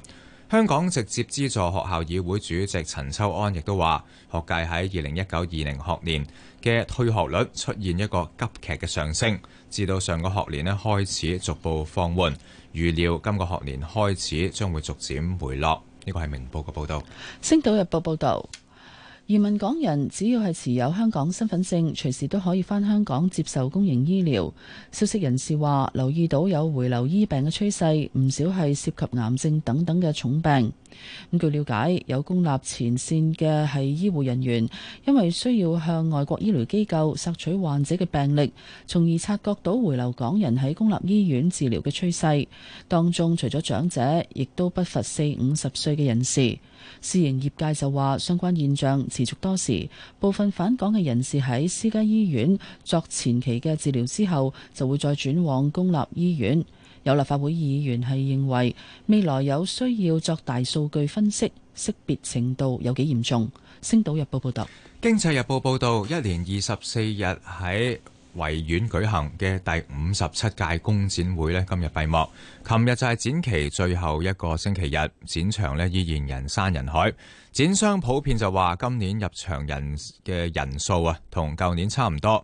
香港直接資助學校議會主席陳秋安亦都話：學界喺二零一九二零學年嘅退學率出現一個急劇嘅上升，至到上個學年呢開始逐步放緩，預料今個學年開始將會逐漸回落。呢個係明報嘅報道，《星島日報》報道。移民港人只要係持有香港身份證，隨時都可以翻香港接受公營醫療。消息人士話，留意到有回流醫病嘅趨勢，唔少係涉及癌症等等嘅重病。咁據瞭解，有公立前線嘅係醫護人員，因為需要向外國醫療機構索取患者嘅病歷，從而察覺到回流港人喺公立醫院治療嘅趨勢。當中除咗長者，亦都不乏四五十歲嘅人士。私營業界就話相關現象。持續多時，部分返港嘅人士喺私家醫院作前期嘅治療之後，就會再轉往公立醫院。有立法會議員係認為，未來有需要作大數據分析，識別程度有幾嚴重。《星島日報》報道，《經濟日報》報道，一年二十四日喺。維園舉行嘅第五十七屆工展會咧，今日閉幕。琴日就係展期最後一個星期日，展場咧依然人山人海。展商普遍就話，今年入場人嘅人數啊，同舊年差唔多，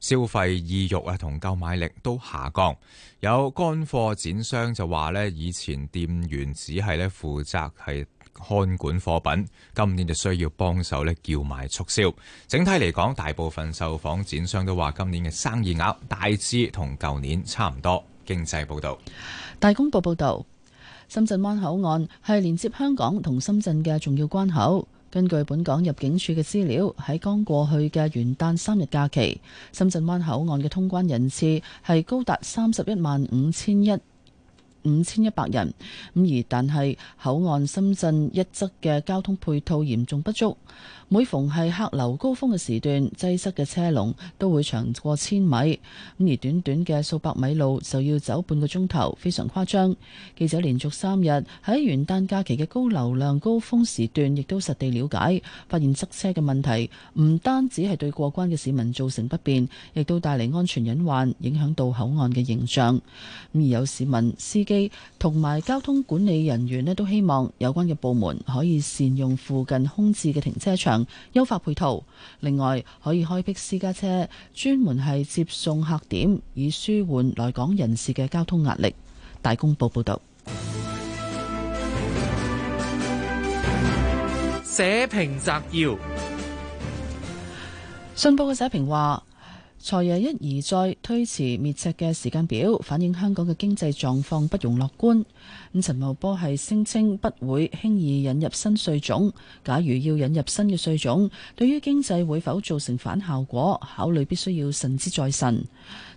消費意慾啊同購買力都下降。有乾貨展商就話咧，以前店員只係咧負責係。看管貨品，今年就需要幫手咧叫賣促銷。整體嚟講，大部分受訪展商都話，今年嘅生意額大致同舊年差唔多。經濟報道，大公報報道，深圳灣口岸係連接香港同深圳嘅重要關口。根據本港入境處嘅資料，喺剛過去嘅元旦三日假期，深圳灣口岸嘅通關人次係高達三十一萬五千一。五千一百人，咁而但係口岸深圳一側嘅交通配套嚴重不足，每逢係客流高峰嘅時段，擠塞嘅車龍都會長過千米，咁而短短嘅數百米路就要走半個鐘頭，非常誇張。記者連續三日喺元旦假期嘅高流量高峰時段，亦都實地了解，發現塞車嘅問題唔單止係對過關嘅市民造成不便，亦都帶嚟安全隱患，影響到口岸嘅形象。而有市民私機同埋交通管理人員咧，都希望有關嘅部門可以善用附近空置嘅停車場，優化配套。另外，可以開辟私家車，專門係接送客點，以舒緩來港人士嘅交通壓力。大公報報道，社評摘要，信報嘅社評話。財爺一而再推遲滅赤嘅時間表，反映香港嘅經濟狀況不容樂觀。咁陳茂波係聲稱不會輕易引入新稅種，假如要引入新嘅稅種，對於經濟會否造成反效果，考慮必須要慎之再慎。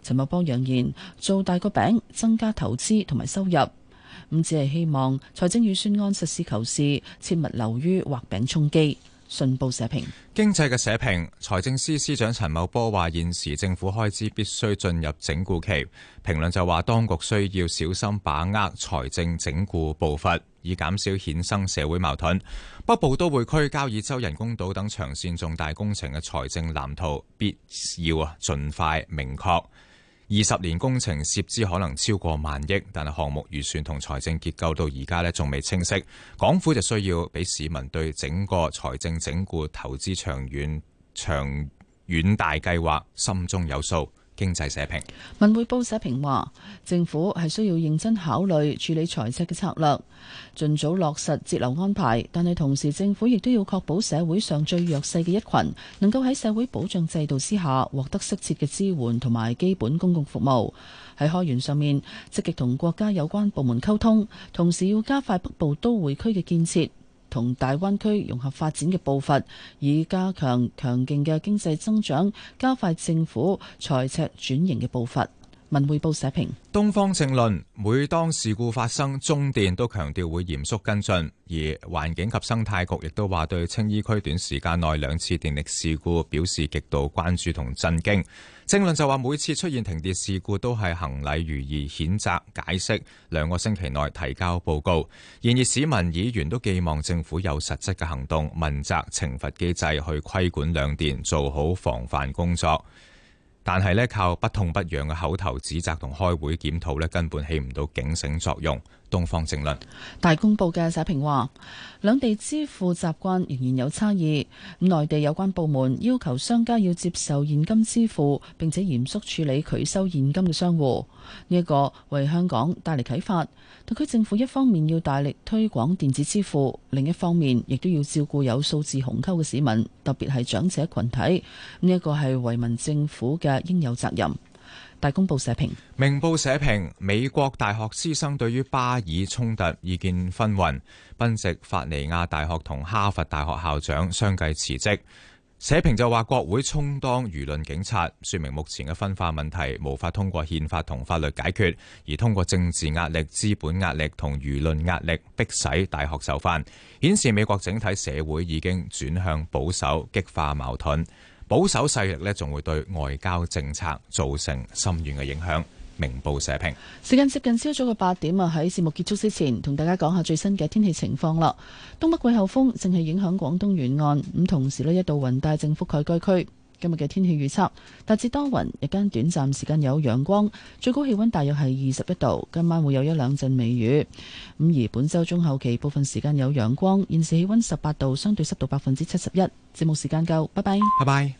陳茂波揚言做大個餅，增加投資同埋收入。咁只係希望財政預算案實事求是，切勿留於畫餅充飢。信報社評經濟嘅社評，財政司司長陳茂波話：現時政府開支必須進入整固期。評論就話，當局需要小心把握財政整固步伐，以減少衍生社會矛盾。北部都會區、交椅洲人工島等長線重大工程嘅財政藍圖，必要啊，盡快明確。二十年工程涉資可能超過萬億，但係項目預算同財政結構到而家咧仲未清晰，港府就需要俾市民對整個財政整固、投資長遠、長遠大計劃心中有數。經濟社評文匯報社評話，政府係需要認真考慮處理財政嘅策略，盡早落實節流安排。但係同時，政府亦都要確保社會上最弱勢嘅一群能夠喺社會保障制度之下獲得適切嘅支援同埋基本公共服務。喺開源上面，積極同國家有關部門溝通，同時要加快北部都會區嘅建設。同大灣區融合發展嘅步伐，以加強強勁嘅經濟增長，加快政府財赤轉型嘅步伐。文匯報社評：東方正論，每當事故發生，中電都強調會嚴肅跟進，而環境及生態局亦都話對青衣區短時間內兩次電力事故表示極度關注同震驚。正論就話每次出現停電事故都係行禮如儀譴責解釋，兩個星期內提交報告。然而市民議員都寄望政府有實質嘅行動問責懲罰機制去規管兩電，做好防範工作。但係咧，靠不痛不癢嘅口頭指責同開會檢討咧，根本起唔到警醒作用。東方正論大公報嘅社評話，兩地支付習慣仍然有差異。內地有關部門要求商家要接受現金支付，並且嚴肅處理拒收現金嘅商戶。呢、這、一個為香港帶嚟啟發。特區政府一方面要大力推廣電子支付，另一方面亦都要照顧有數字鴻溝嘅市民，特別係長者群體。呢、這、一個係為民政府嘅應有責任。大公報社評，明報社評，美國大學師生對於巴以衝突意見紛紜，賓夕法尼亞大學同哈佛大學校長相繼辭職。社評就話：國會充當輿論警察，說明目前嘅分化問題無法通過憲法同法律解決，而通過政治壓力、資本壓力同輿論壓力迫使大學受罰。顯示美國整體社會已經轉向保守，激化矛盾。保守勢力呢，仲會對外交政策造成深遠嘅影響。明報社評。時間接近朝早嘅八點啊，喺節目結束之前，同大家講下最新嘅天氣情況啦。東北季候風正係影響廣東沿岸，咁同時呢一道雲帶正覆蓋該區。今日嘅天氣預測，大致多雲，日間短暫時間有陽光，最高氣温大約係二十一度。今晚會有一兩陣微雨。咁而本週中後期部分時間有陽光，現時氣温十八度，相對濕度百分之七十一。節目時間夠，拜拜。拜拜。